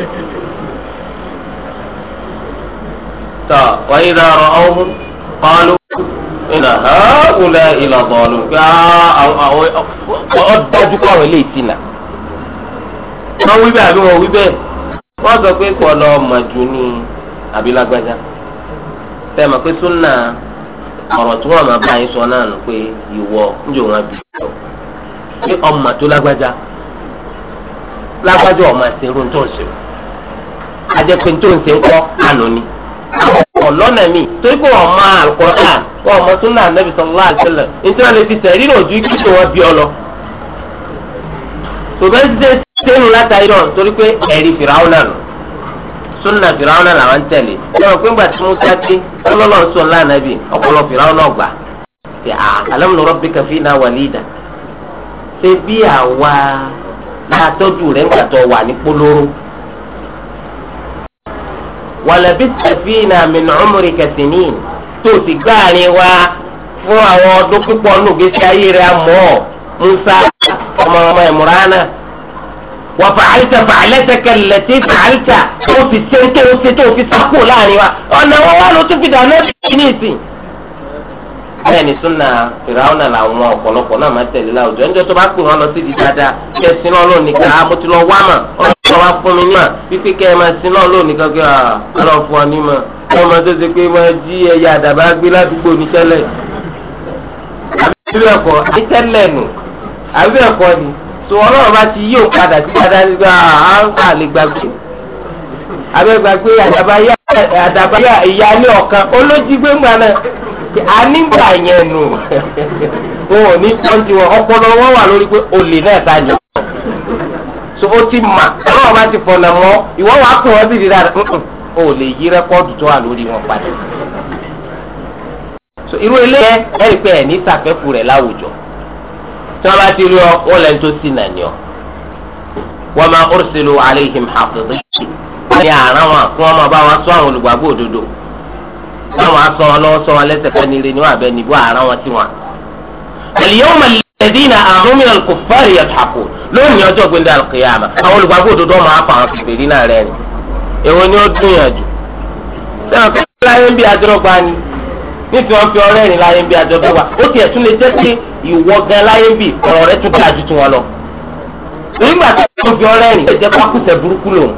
Speaker 2: tọ́ wọ́n ìdá ọ̀rọ̀ ọ̀hún kọ́ọ̀lù ìnà hàbùlẹ̀ pé ọ dájú kọ́ àwọn eléyìí ti nà. wí àbí wọ́n wí sọ pé kọ́ lọ màjú ní abilágbájá. sẹ́mi pé súnà ọ̀rọ̀ tí wọ́n máa bá yín náà nù pé ìwọ ọ. pé ọmọ tó lágbájá lágbájá ọmọ àti irun tó ń ṣe. ajẹ́pẹ́ tó ń ṣe ń kọ́ àná ni. ọlọ́nà mi torí pé wọ́n mọ Al-Qur'an wọ́n mọ súnà Ànábì sallallahu alaihi wasallam nítorí wọn lè fi tẹ̀rí náà ju kí ṣe wọn bí ọ lọ. tòbẹ́ ṣe sẹ́nu látàrí náà torí pé ẹ̀rí fìràwọ́nà nù súnà fìràwọ́nà làwọn ń tẹ̀lé lọ́wọ́ pé ńgbà tí Musa dé ọlọ́lọ́ sọ lánàbì ọpọlọ fìràwọ́nà ọgbà ti à alam nurabbika fina walida ṣe bí àwa látọ́jú rẹ̀ ńgbà tó wàlẹ́bí fina min umrika sinin tó sì gbáàrin wa fún àwọn ọdún púpọ̀ nù gbèsè ayé rẹ̀ Musa ọmọ ọmọ Imrana wà fàálítà fàálítà kẹlẹtì fàálítà tó fi ṣe tó fi tó fi láàrin wa ọ̀nà wọn ló tún fi dà náà ní ìsìn. bẹ́ẹ̀ ni súnà fìràwọ̀nà làwọn ọ̀pọ̀lọpọ̀ náà máa tẹ̀lé láwùjọ níjọ́ tó bá pè wọ́n lọ sí dáadáa kí tí wọn bá fún mi nímà pípé kẹ ẹ máa sin náà lónìí kankan à á lọ fún ọ nímà wọn máa tó ṣe pé máa jí ẹyà àdàbà gbé ládùúgbò ní tẹ́lẹ̀ àbí ẹ̀kọ́ ní tẹ́lẹ̀ nù àbí ẹ̀kọ́ ni tó ọlọ́run bá ti yí òun sí padà sí pé à ń kà lè gbàgbé àbẹ gbàgbé àdàbà yà ìyálé ọ̀kan olójígbé ńgbà náà anígbà yẹn nù wọn ò ní pọ́ńtì ọpọlọ wọn wà lórí pé olè náà ta yẹn sọ́kò tí mà ọlọ́wọ́ bá ti fọ̀nà mọ́ ìwọ́ wàá kún wọn bìrì dáadáa o ò lè yí rẹ́kọ́ọ̀dù tó wà lórí wọn padà. so irú eléyẹ ẹ rí pé ẹ ní sàfẹ́kù rẹ̀ láwùjọ tí wọ́n bá ti rí ọ ó lẹ́ni tó sì nàní ọ. wa ma ursilu alaihim hafidhin. wọ́n ní àrà wọn kí wọ́n máa bá wọn sọ àwọn olùgbàgbọ́ òdodo. táwọn aṣọ wọn lọ́wọ́ sọ wọn lẹ́sẹ̀ fẹ́ ni ire ni wọ́n àbẹ́ níbú àrà wọn tí wọn. al yawma ẹ̀dínà àhúnmí ọ̀kùnfàrí ọ̀tàkù lónìí ọjọ́ gbẹ̀ndé àlùkìyàmà àwọn olùgbàgbọ́ òdodo ọmọ apá àwọn kìfèrí náà rẹ̀ ni èwo ni ó dúnyànjú. sẹ́wọ̀n kí wọ́n láyé ń bí adúrọ́gba ni nífi wọn fi ọrẹ́ rìn láyé ń bí adúrọ́gba ó tiẹ̀ tún lè jẹ́ pé ìwọ gan láyé ń bí ọ̀rọ̀ rẹ tún dáa ju ti wọn lọ. nígbà tí wọ́n fi ọrẹ́ rìn ẹ̀jẹ̀ pákúsẹ̀ burúkú lòun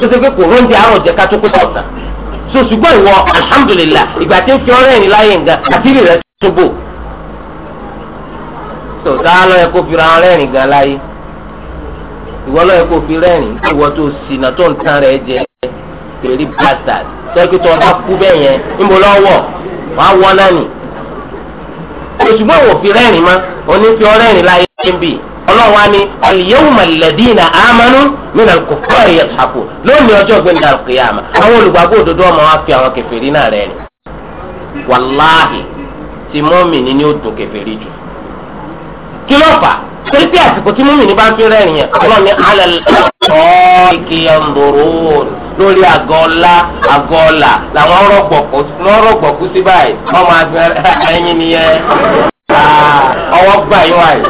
Speaker 2: tó ṣe pé kò róúnjẹ àrùn jẹ ká tó kó sọ̀tà. so ṣùgbọ́n ìwọ alhamdulillah ìgbà tí ń fi ọrẹ́ rìn láyé nǹkan àtìrí rẹ tó bò tó sáà lọ́yẹ kó fi ra wọn rẹ́rìn gan láyé ìwọ lọ́yẹ kó fi rẹ́rìn ìwọ tó ṣìnà tó ń tan rẹ jẹ pèrí bastard sẹ́kì tó ọba kú bẹ́ẹ̀ yẹn níbo lọ́wọ́ náà nì. fi láyé ń bì á ní lónìí ọjọ́ àwọn olùgbàgbọ́ òdodo ọmọ wa fi àwọn náà kí ló fà torí pé àsìkò tí múmi ní bá ń fi rẹ ní ike lórí làwọn sí báyìí máa ẹyin nìyẹn ah, gbà yín wáyé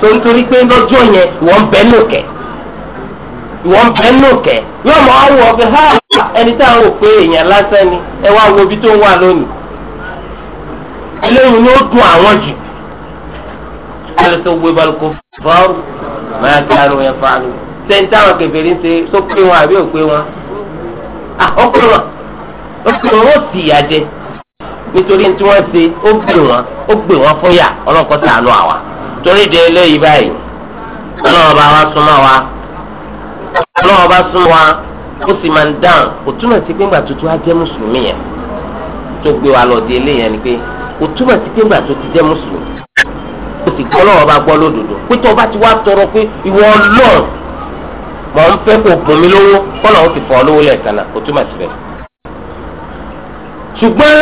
Speaker 1: so nítorí pé lọ́jọ́
Speaker 2: yẹn wọ́n bẹ́ẹ̀ ha ẹni tí èèyàn lásán ni ẹ wá wo ibi tó ń wà lónìí. eléyìí alẹ́ tó wé balùkù fọ́ọ̀rù máa kí arò yẹn fàánù. sẹ́ńtà àwọn kẹfẹ́rin ṣe tó pé wọn àbí òpé wọn. ọkùnrin wọn ọkùnrin wọn ò sì yà jẹ nítorí tí wọ́n ṣe ó gbè wọ́n ó gbè wọ́n fún yà ọlọ́kọ́ sànù àwa. torí de eléyìí báyìí ọlọ́wọ́ bá wa súnmọ́ wa ọlọ́wọ́ bá súnmọ́ wa o sì máa ń dáhùn kò túmọ̀ sí pé ńgbà tuntun á jẹ́ mùsùlùmí yẹn tó gbé wa lọ di eléyìí yẹn ni pé kò túmọ̀ sí pé ńgbà tó ti jẹ́ mùsùlùmí o sì gbọ́ lọ́wọ́ bá gbọ́ lódodo pé tó o bá ti wá tọrọ pé ìwọ ọlọ́run mọ̀ ń fẹ́ kó bùn mí lówó kọ́nà ó ti fọ́ ọ lówó lẹ́ẹ̀kan náà kò túmọ̀ síbẹ̀. ṣùgbọ́n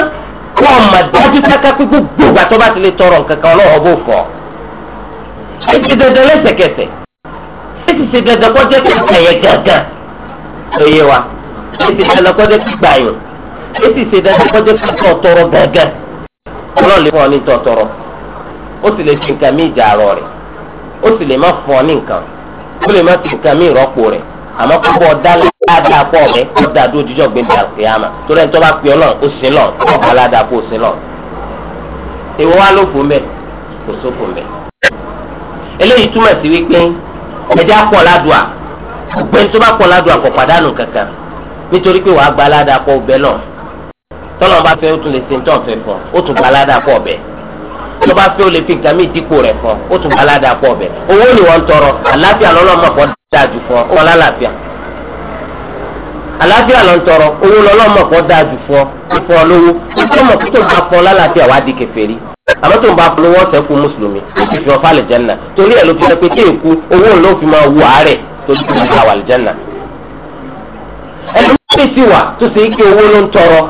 Speaker 2: wọn mà dájú káká pé gbogbo ìgbà tó bá ti lè tọrọ nǹkan kan ọlọ́wọ́ bó fọ́ ọ. ẹ ti dandan lẹ́sẹ̀kẹsẹ̀ ẹ ti ṣe dandan kọ́ jẹ́ kẹsẹ̀ yẹn gángan lóye wa ẹ ti dandan kọ́ jẹ́ gbàyàn ẹ ti ṣe dandan kọ́ jẹ́ kẹsẹ̀ ọ̀tọ̀rọ̀ gángan ọlọ́ọ̀lẹ́ ní tọ̀tọ̀rọ̀ ó sì lè fi nǹkan mí ìjà rẹ̀ ó sì lè má fún ní nǹkan ó lè má fi nǹkan mí ìrọ́pò rẹ̀ àmọ́ kó bọ́ ọ̀dá ládàá pọ̀ rẹ̀ kó dáa dúró jíjọ́ gbẹ̀ndẹ̀ àkèyàmà torí ẹni tó bá pè ọ́ lọ́n ó sin lọ́n kó bá ládàá kó sin lọ́n. èwo wá ló fún bẹ́ẹ̀ kò sófò bẹ́ẹ̀. eléyìí túmọ̀ sí wípé pọ̀ ládùá bá pọ̀ ládùá kò pàdánù kankan nítorí pé wàá gba pọ̀ tọ́lọ́ bá fẹ́ tó bá fẹ́ o lè fi nǹkan mi dípò rẹ̀ fún ọ ó tún bá aládàá pọ̀ bẹ̀ owó ni wọ́n ń tọrọ àlàáfíà lọ́lọ́mọ̀ pọ̀ dáa jù fún ọ ó wọn lálàáfíà àlàáfíà ló ń tọrọ owó lọ́lọ́mọ̀ pọ̀ dáa jù fún ọ ó fún ọ lówó ó tún mọ̀ tó bá fún ọ lálàáfíà wàá di kèfèrí àmọ́ tó ń bá fún lówó ọ̀sẹ̀ kú mùsùlùmí ó ti fi ọ̀fà àlìjẹ́nà torí ẹ̀ ló fi sọ pé kí èkú owó ló fi máa wù àárẹ̀ tó ti fi àwà àlìjẹ́nà ẹni tó ti wà tó ṣe é kí owó ló ń tọrọ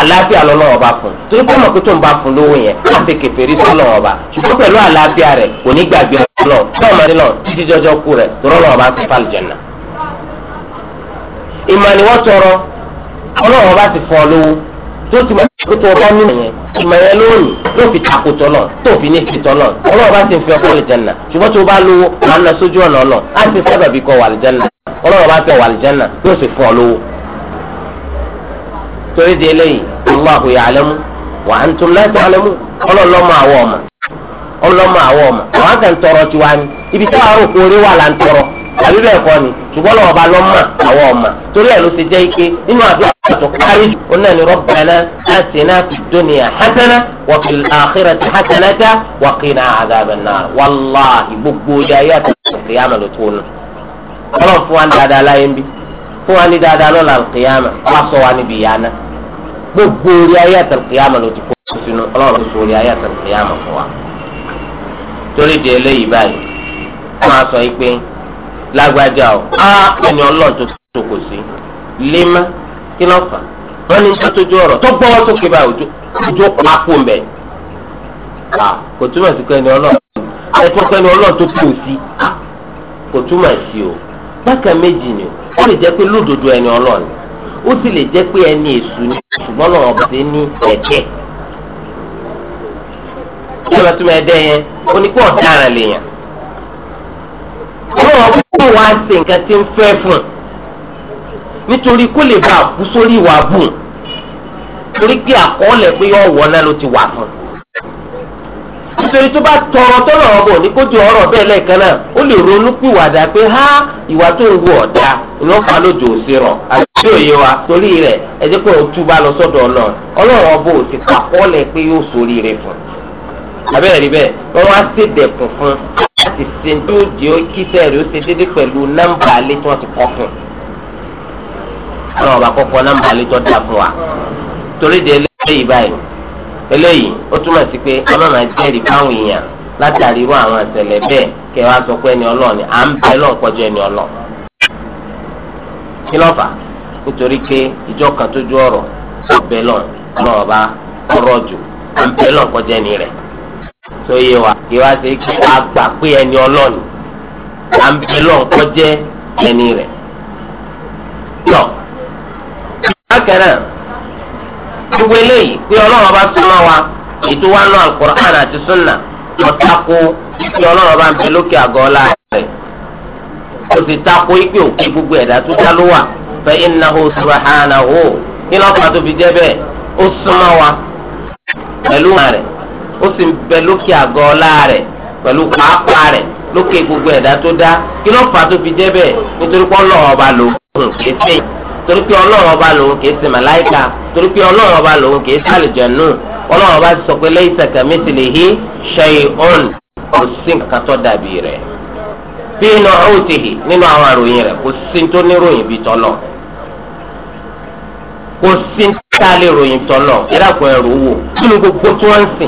Speaker 2: àlàáfíà lọ́lọ́wọ́ bá fún torí pé ọmọ tuntun bá fún lówó yẹn láti kẹfẹ́rí sọ́lọ́wọ́ bá ṣùgbọ́n pẹ̀lú àlàáfíà rẹ̀ kò ní gbàgbé lọ sọ́ọ̀mọ́ni náà títí jọjọ́ kú rẹ̀ tọ́lọ́wọ́ bá fún fàlùjẹ̀nà. ìmọ̀ ni wọ́n tọrọ ọlọ́wọ́ bá ti fọ́ lówó tó ti máa tó tó ọba nínú yẹn ìmọ̀ yẹn lónìí ló fi takòtò náà tó fi ní ìfitọ́ náà ọlọ́wọ́ bá ti fi ọkọ àlùjẹ́nà ṣùgbọ́n tó bá lówó máa ń lọ sójú ọ̀nà ọ̀nà á ti sábà bí kọ wàlùjẹ́nà ọlọ́wọ́ bá torí di eléyìí Allahu ya'lamu wa antum la ta'lamun ọlọ́lọ́mọ àwọ̀ ọ̀mọ̀ ọlọ́mọ àwọ̀ ọ̀mọ̀ àwọn àgbẹ̀ ń tọrọ tiwa ni ibi tí àwọn òkú orí wà là ń tọrọ àbí bẹ́ẹ̀ kọ́ ni ṣùgbọ́n lọ́wọ́ bá lọ́mọ àwọ̀ ọ̀mọ̀ torí ẹ̀ ló ti jẹ́ ike nínú àdúrà tó kárí jù ó náà ní rabbana atina fid dunya hasana wa fil akhirati hasanata wa qina adhaban nar wàláhì gbogbo ọjà ayé àtàkùn kìyàmà ló tó nù. ọlọ́run fún wa ní dáadáa láyé ń bí fún wa ní dáadáa lọ́la kìyàmà wá sọ wa níbi ìyá náà gbogbo orí ayé àtàlùkìyàmà ló ti kó sínú ọlọ́run ló sọ orí ayé àtàlùkìyàmà fún wa. torí di eléyìí báyìí wọ́n máa sọ pé lágbájá o á ẹni ọlọ́run tó tó kò sí lima kí ló fà wọ́n ní tó tójú ọ̀rọ̀ tó gbọ́ sókè báyìí ojú ojú pákó mbẹ́. kò túmọ̀ sí pé ẹni ọlọ́run ẹni tó pé ẹni ọlọ́run tó kò sí kò túmọ̀ sí o bákan méjì ni ó lè jẹ́ pé lódodo ẹni ọlọ́run ó sì lè jẹ́ pé ẹni èṣù ni ṣùgbọ́n lọ́wọ́ bá ti ní ẹ̀jẹ̀ kí ló tún ẹdẹ yẹn ó ní kó ọ̀daràn lèèyàn lọ́wọ́ kó wá ṣe nǹkan tí ń fẹ́ fún un nítorí kó lè bá a kú sórí ìwà bùn torí pé àkọọ́lẹ̀ pé yọ ọ̀wọ́ náà ló ti wà fún un. nítorí tó bá tọrọ tọrọ ọbọ ní kójú ọrọ bẹ́ẹ̀ lẹ́ẹ̀kan náà ó lè ronú pìwàdà pé ha ìwà tó ń wù ọ̀dà ló ń àti òye wa torí rẹ̀ ẹ pé òun túbà lọ sọ́dọ̀ Ọlọ́run Ọlọ́run ọbọ òsì pàkọọlẹ pé yóò sórí rẹ̀ fún abẹ́rẹ́ bẹ́ẹ̀ wọ́n wá fún láti ṣe tó di kíṣẹ́ rẹ̀ ó ṣe déédéé pẹ̀lú nọ́mbà alẹ́ tí fún un àwọn ọba kọ́kọ́ nọ́mbà alẹ́ tó fún wa torí eléyìí ó túmọ̀ sí pé ọlọ́run àjẹ́rìí fáwọn èèyàn látàrí irú àwọn àtẹ̀lẹ̀ bẹ́ẹ̀ kẹ wá sọ pé ẹni ọlọ́ọ̀ni à ń bẹ lọ́ọ̀kọ́jọ ẹni ọlọ́ọ̀ kí ló fà nítorí pé ìjọ kan tó ju ọ̀rọ̀ ó bẹ lọ́ọ̀ náà bá ọ̀rọ̀ jù à ń bẹ lọ́ọ̀kọ́jọ ẹni rẹ̀ tó yé wa kí wá sí kí a gbà pé ẹni ọlọ́ọ̀ni à ń bẹ ẹni rẹ̀ bákan náà gbogbo eléyìí pé ọlọ́run ọba súnmọ́ wa ètò wa nù alukur'an àti sunna ọ̀tako pé ọlọ́run ọba ń bẹ lókè àgọ́ ọlá rẹ̀ ó sì gbogbo ẹ̀dá tó dá ló wà fa innahu subhanahu kí lọ́pàá o fi jẹ́ bẹ́ẹ̀ ó súnmọ́ wa pẹ̀lú rẹ̀ ó sì ń bẹ lókè àgọ́ gbogbo ẹ̀dá tó dá fi jẹ́ torí pé ọlọ́run ọba lòun kìí ṣe màláìka torí ọlọ́run ọba lòun kìí ṣe àlùjànnú ọlọ́run ọba sọ pé laysa kamithlihi shay'un kò sí nǹkan tó dàbí rẹ̀ bí inú ọ̀hútìhì nínú àwọn àròyìn rẹ̀ kò sí tó níròyìn bí tọ́lọ̀ kò sí tá a lè ròyìn tọ́lọ̀ wò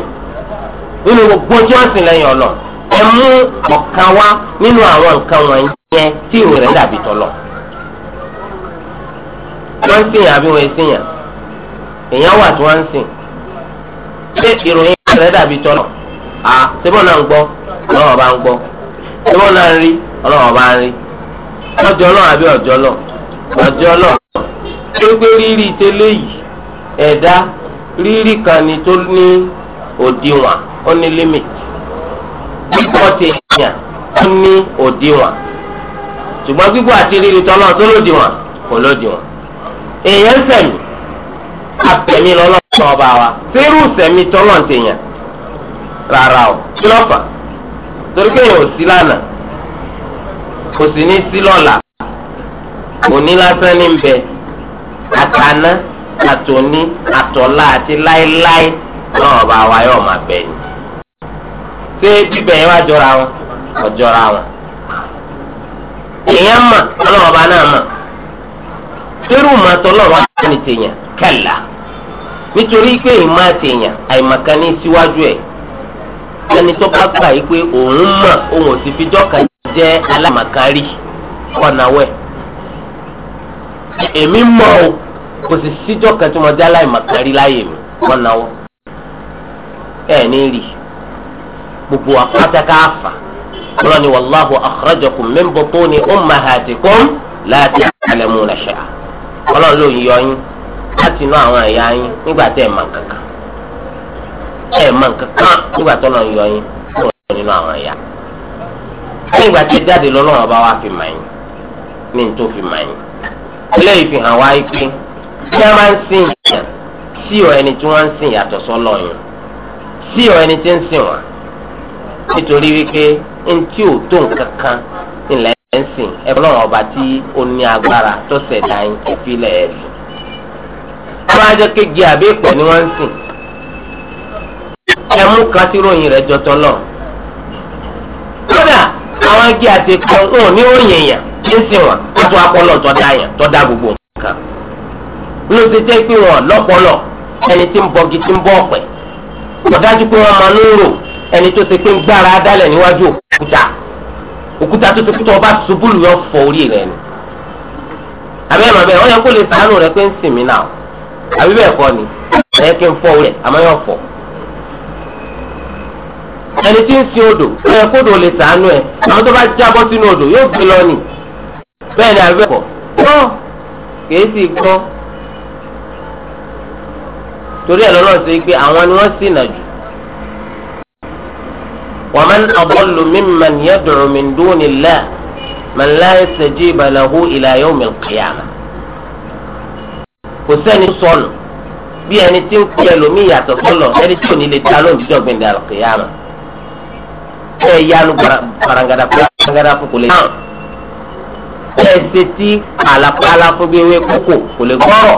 Speaker 2: nínú gbogbo wọ́n ń sìn àbí ń sìn yàn èèyàn wà tí wọ́n ń sìn ṣé ìròyìn rẹ̀ dàbí tọ́lọ̀ à náà ń gbọ́ ọlọ́wọ́ bá ń gbọ́ náà ń rí ọlọ́wọ́ bá ń rí ọjọ́ náà àbí ọjọ́ náà ọjọ́ náà ṣé rírí tẹ́lẹ̀ yìí ẹ̀dá rírí kan ni tó ní òdiwọ̀n ó ní gbígbọ́ ti yàn ó ní òdiwọ̀n ṣùgbọ́n gbígbọ́ àti èèyàn sẹ̀mí abẹ̀mí lọ́lọ́sọ̀ ọba wa fẹ́rù sẹ̀mí tọ́lọ̀ ń tèèyàn rárá o kí ló fà torí pé èèyàn ò sí lánàá kò sì ní sí lọ́la òní lásán ní bẹ àtàná àtòní àtọ̀lá àti láéláé náà ọba wa yóò máa bẹ̀ ṣé bíbẹ̀ yẹn wá jọra wọn ọ̀jọra wọn èèyàn mà ọlọ́wọ́ náà mà sẹ́rù máa tọ́ lọ́wọ́ àti tèèyàn kẹlà nítorí pé ìmọ̀ àtèèyàn àìmọ̀kan ní síwájú ẹ̀ ẹni tó bá gbà yí pé òun mọ̀ òun ò sì fi dọ́kà jẹ́ alámàkárí kọ̀nàwẹ̀ èmi mọ̀ o kò sì síjọ́ kan tí mo jẹ́ aláìmọ̀kárí láyè mi kọ̀nàwọ̀ ẹ̀ ní rí gbogbo àpátákà àfà ọlọ́ni wàlláhu akhrajakum min butuni ummahatikum la ta'lamuna shay'a ọlọ́run ló ń yọ yín láti inú àwọn ẹ̀yà yín nígbà tẹ́ ẹ̀ mọ̀ kankan ẹ̀ mọ̀ kankan nígbà tó lọ́n yọ yín kúrò nínú àwọn ẹ̀yà. lẹ́yìn ìgbà tẹ́ jáde lọ́lọ́run ọba wa fi mọ̀ yín ní n tó fi mọ̀ yín. eléyìí fi hàn wá pé tí a máa ń sìn yàn sí ọ̀ ẹni tí wọ́n ń sìn yàtọ̀ sọ́lọ́ yẹn sí ọ̀ ẹni tí ń sìn wọ́n nítorí wípé ntí ò tó nǹkan kan ńlẹ̀ ẹ̀sìn ẹ̀fọ́lọ́run ọba tí ó ní agbára tó ṣẹ̀dá yín ìfilẹ̀ ẹ̀sìn. wọ́n á jẹ́ kéje àbí ìpẹ́ ni wọ́n ń sìn. ẹ̀mú kan tí ròyìn rẹ̀ jọ tọ́lọ̀. kódà àwọn igi àti ìpẹ́ ń ní ròyìn èèyàn tí ń sìn wọn wọ́n tún apọ́lọ tó dá yàn tó dá gbogbo nǹkan. ló ti jẹ́ pé wọn lọ́pọlọ ẹni tí ń bọgi tí ń bọ ọ̀pẹ. kò pé wọ́n máa ń rò ẹni tó ti pé ń gbára dálẹ̀ níwájú òkúta òkúta tó ti kú tó ọba ṣubú lùyọ fọ orí rẹ ni àbẹ́ màmá ẹ̀ wọ́n yẹ kó lè sàánù rẹ pé ń sìn mí náà àbí bẹ́ẹ̀ kọ́ ni ẹ̀ kí n fọ orí rẹ àmọ́ yọ fọ ẹni tí ń sin odò ó yẹ kó odò lè sàánù ẹ àwọn tó bá jábọ́ sínú odò yóò gbé lọ nì bẹ́ẹ̀ ni àbí bẹ́ẹ̀ kọ́ gbọ́ kìí sì gbọ́ torí ẹ̀ lọ́nà pé àwọn ni wọ́n sì nà jù ومن أضل ممن يدعو من دون الله من لا يستجيب له إلى يوم القيامة kòsẹ́ni sọnù bí ẹni tí ń kú ẹlòmíì yàtọ̀ sọlọ ẹni tí yanu barangada barangada fún kò lè dáhùn ẹ ṣetí àlàpàlà fún bí ewé kókò kò lè gbọ́rọ̀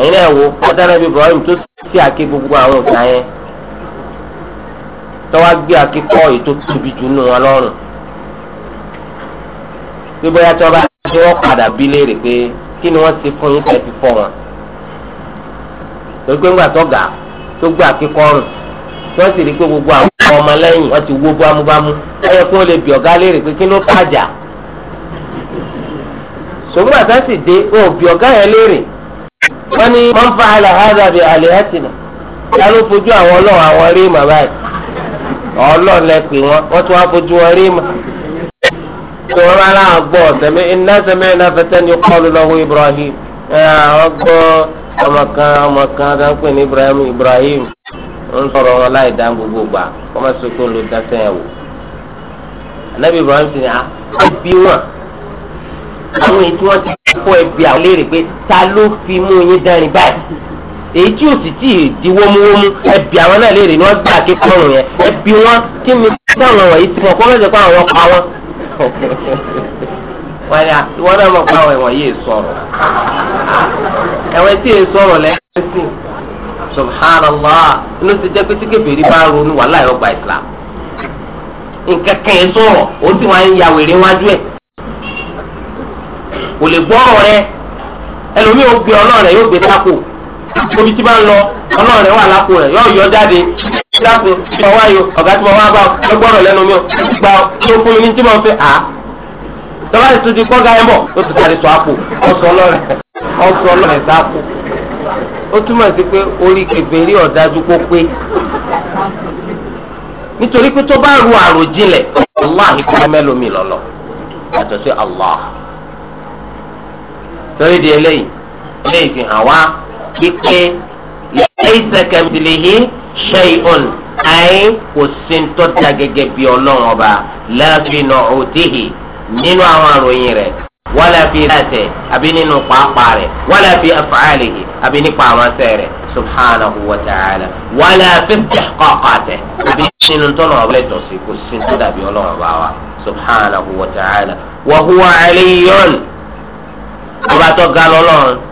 Speaker 2: ẹ̀yin náà wò ọ̀dàlẹ́bí Ibrahim tó ti àké gbogbo àwọn òkè ayẹyẹ. tọ́wá gbé akíkọ́ ètò tóbi jù nù wọn lọ́rùn pé bóyá tí wọ́n bá ṣe wọ́n padà bí léèrè pé kí ni wọ́n ti fún yín tẹ́ fi fọ́ wọn pé ńgbà tọ́gà tó gbé akíkọ́ rùn tí wọ́n sì rí pé gbogbo àwọn ọmọlẹ́yìn wọ́n ti wó bámúbámú ẹ̀yẹ kí wọ́n lè ọ̀gá léèrè pé kí pàjà sòmùgbà tá sì dé ọ̀gá yẹn léèrè wọ́n ní ọlọ́run lẹ pè wọ́n wọ́n tún wá fojú wọn rí mà.
Speaker 1: ṣé wọ́n bá láwọn
Speaker 2: gbọ́ sẹ́mi iná sẹ́mi iná fẹsẹ̀ ni kọ́ọ̀lù lọ́wọ́ Ibrahim àwọn gbọ́ ọmọ kan ọmọ kan tó ń pè ní Ibrahim Ibrahim ń sọ̀rọ̀ wọn láì dá gbogbo gbà wọ́n máa ṣe kó ló dáṣẹ́ ẹ̀ wò. ànábì Ibrahim ti ní à ah, ẹ bí wọn àwọn èyí tí ti kó ẹ bí àwọn léèrè pé ta ló fi mú yín dẹ́rìn báyìí èyí tí ò sì tí ì di wómúwómú ẹbí àwọn náà léèrè ni wọ́n gbà ké yẹn ẹbí wọn kí ni táwọn wọ̀nyí ti wọn kọ́ fẹ́ sọ àwọn pa wọn. wọ́n yà wọ́n náà mọ̀ pé àwọn ẹ̀wọ̀n yìí sọ̀rọ̀ ẹ̀wọ̀n tí yìí sọ̀rọ̀ lẹ́sìn subhanallah inú ti jẹ́ pé tí kébèrè bá ronú wàhálà ẹ̀rọ gba islam nǹkan kan yẹn sọ̀rọ̀ ó sì wá ń ya wèrè wájú ẹ̀ kò lè gbọ́ ọ̀rọ̀ rẹ ẹlòmíì ó gbé ọlọ́run yóò gbé sáko omi ti ba lọ ọlọ́run rẹ̀ wà lápò yóò yọ jáde kíláàsì tí wọ́n wáyò ọ̀gá tí wọ́n wá gbà ó gbọ́dọ̀ mi ò gba tó fún mi tí à. tọ́lá ti tún di kọ́gá ẹ̀ bọ̀ ó ti sáré tó àpò ọ̀sọ̀ ọlọ́rẹ̀ ọ̀sọ̀ ọlọ́rẹ̀ ó túmọ̀ sí pé ru àròjinlẹ̀ mẹ́lòmí lọ́lọ́ torí di eléyìí eléyìí fi hàn wá wípé laysa kamithlihi shay'un àyè kò sí ń tọ́jà gẹ́gẹ́ bí ọlọ́run ọba la fi nu'utihi nínú àwọn àròyìn rẹ̀ wala fi dàtẹ̀ àbí nínú pàápàá rẹ̀ wala fi af'alihi àbí nípa àwọn sẹ́ rẹ̀ subhanahu wa ta'ala wala fi àbí nínú tọ́nà ọba ẹ̀tọ́ sí kò sí ń tó dàbí ọlọ́run ọba wa subhanahu wa ta'ala wa huwa aliyyun ọba tó ga lọ́lọ́run.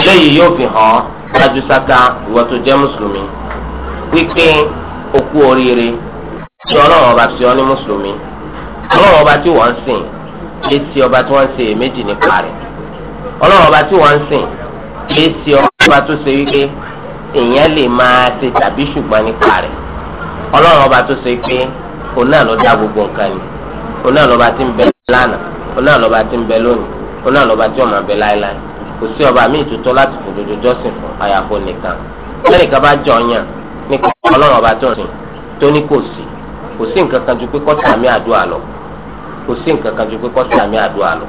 Speaker 2: eléyìí yóò fi hàn ṣáájú sáká ìwọ tó jẹ́ mùsùlùmí wípé okú oríire tí ọlọ́run ọba sí ọ ní mùsùlùmí ọlọ́run ọba tí wọ́n ń sìn lé sí ọba tí wọ́n ń ṣe èméjì nípa rẹ̀ ọlọ́run ọba tí wọ́n ń sìn lé sí ọba tó ṣe wípé èèyàn lè máa ṣe tàbí ṣùgbọ́n nípa rẹ̀ ọlọ́run ọba tó ṣe pé òun náà ló dá gbogbo nǹkan ni òun náà lọ́ba tí ń bẹ lánàá òun náà lọ́ba tí ń bẹ lónìí òun náà lọ́ba tí ó kò sí ọba míì tó tọ́ láti fòdodo jọ́sìn fún àyàfó nìkan lẹ́nìkan bá jọ yàn nípa ọlọ́run ọba tó rìn tó ní kò sí kò sí nǹkan kan ju pé kọ́ sàmì àdúrà lọ kò sí nǹkan kan ju pé kọ́ sàmì àdúrà lọ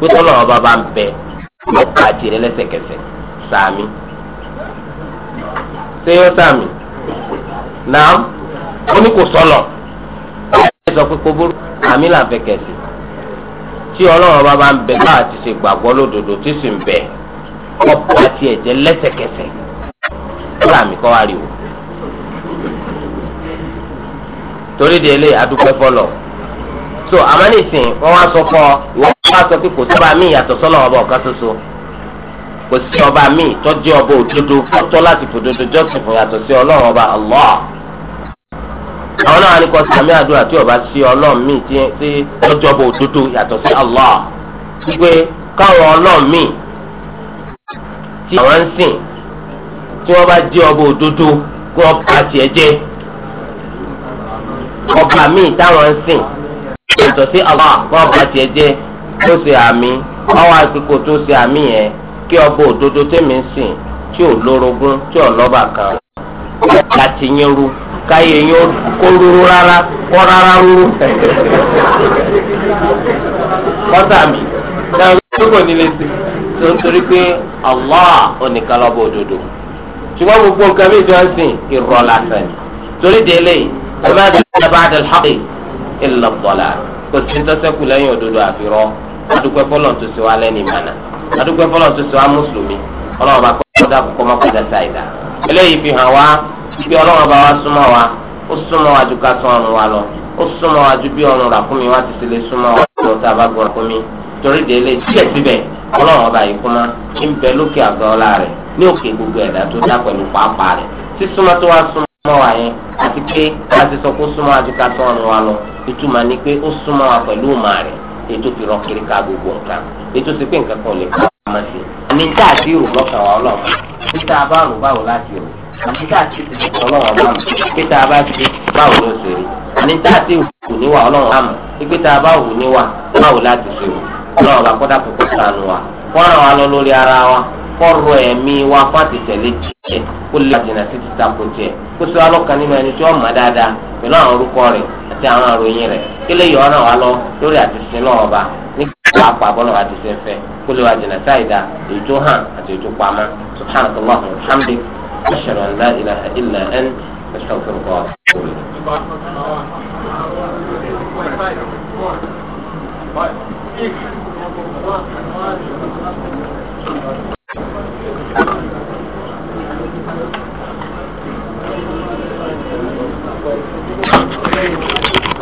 Speaker 2: pé tọ́lọ́run ọba bá ń bẹ ọ̀pá àti rẹ lẹ́sẹ̀kẹsẹ̀ sàmì ṣé yóò sàmì náà ó ní kò sọ̀lọ̀ ẹ̀ sọ pé kò burú àmì làǹfẹ̀kẹ̀sì tí ọlọ́run ọba bá ń bẹ bá àti ṣe gbàgbọ́ lódodo tí sì ń bẹ ọ̀pọ̀ àti ẹ̀jẹ̀ lẹ́sẹ̀kẹsẹ̀ kọ́lá mi kọ́ ariwo. torí de ilé adúpẹ́ fọlọ̀ so àmọ́ nísìnyí wọ́n wá sọ fún ọ wọ́n wá sọ pé kò sábà míì yàtọ̀ sọ́nà ọba ọ̀kan ṣoṣo kò sí ọba míì tọ́jú ọba òdodo fọ́tọ́ láti fòdodo jọ́sìn fún sí ọlọ́run ọba Allah àwọn náà ní kọ́ sàmì àdúrà tí ọba sí ọlọ́run míì tí tí lọ́jọ́ bò dúdú yàtọ̀ sí Allah wípé káwọn ọlọ́run tí àwọn ń sìn tí wọ́n bá ọba òdodo kí wọ́n bá tiẹ̀ jẹ́ ọba míì táwọn ń sìn yàtọ̀ sí Allah kí wọ́n bá tiẹ̀ jẹ́ tó ṣe àmì ọwọ́ àsìkò tó ṣe àmì yẹn kí ọba òdodo ń sìn tí ò lórogún tí kan láti yín rú. káyé yín kó rúru rárá kó rárá rúru kọ́tà mi náà ló kò ní lè sè tó ń torí pé Allah onìkan lọ́bọ̀ òdodo ṣùgbọ́n gbogbo nǹkan mi jọ ń sìn irọ́ lásán ni torí délé ọmọ ẹ̀dá ìjọba àdàlhàkì ìlọ̀bọ̀là kò sí ntọ́sẹ́kù lẹ́yìn òdodo àfirọ́ adúpẹ́ fọlọ́n tó ṣe wá lẹ́nu ìmọ̀nà adúpẹ́ fọlọ́n tó ṣe wá mùsùlùmí ọlọ́run bá kọ́. kọ́dà kọ́kọ́ má padà ṣàìdá eléyìí fi hàn wá bí ọlọ́run bá wá wa ó súnmọ́ wa ju ká sún wa lọ ó súnmọ́ wa ju bí ọrùn ràkúnmí wa lọ tá a bá gbọ́ ràkúnmí torí ọba yìí kúmá bẹ lókè gbogbo tó dá tó wa yẹn àti pé a ti sọ pé ó ọrùn wa lọ ìtumọ̀ ni pé ó wa ètò ti rọ kiri ká gbogbo nǹkan ètò ti pé nǹkan kan lè kọ́ ọmọ sí. àmì tá a ti rò lọ́kàn wa ọlọ́run títà bá rò báwo láti rò àmì tá a ti
Speaker 1: ti sọ ọlọ́run ọba mọ̀
Speaker 2: títà bá ti báwo ló ṣe rí àmì tá a ti wù níwà ọlọ́run ọba mọ̀ ìgbé tá a bá wù níwà báwo láti ṣe rò ọlọ́run ọba kọ́dà kókó sànù wa wọ́n ràn wá lọ lórí ara wa kọ́rọ̀ ẹ̀mí wa fún àtìtẹ̀lé tiẹ̀ kó lè jìnnà sí ti tako tiẹ̀ kó sọ alọ́kan nínú ẹni tí wọ́n mọ̀ dáadáa pẹ̀lú àwọn orúkọ rẹ̀ àti àwọn àròyìn rẹ̀ kí lè yọ ọ́nà wa lọ lórí àtìsí náà ọba nígbà wà pa bọ́lá wa ti ṣe fẹ́ lè wa jìnnà sáìdá èyí tó hàn àti èyí tó subhanahu wa rahmatulahi ashhadu ilaha illa ant astaghfiruka wa
Speaker 1: Thank you.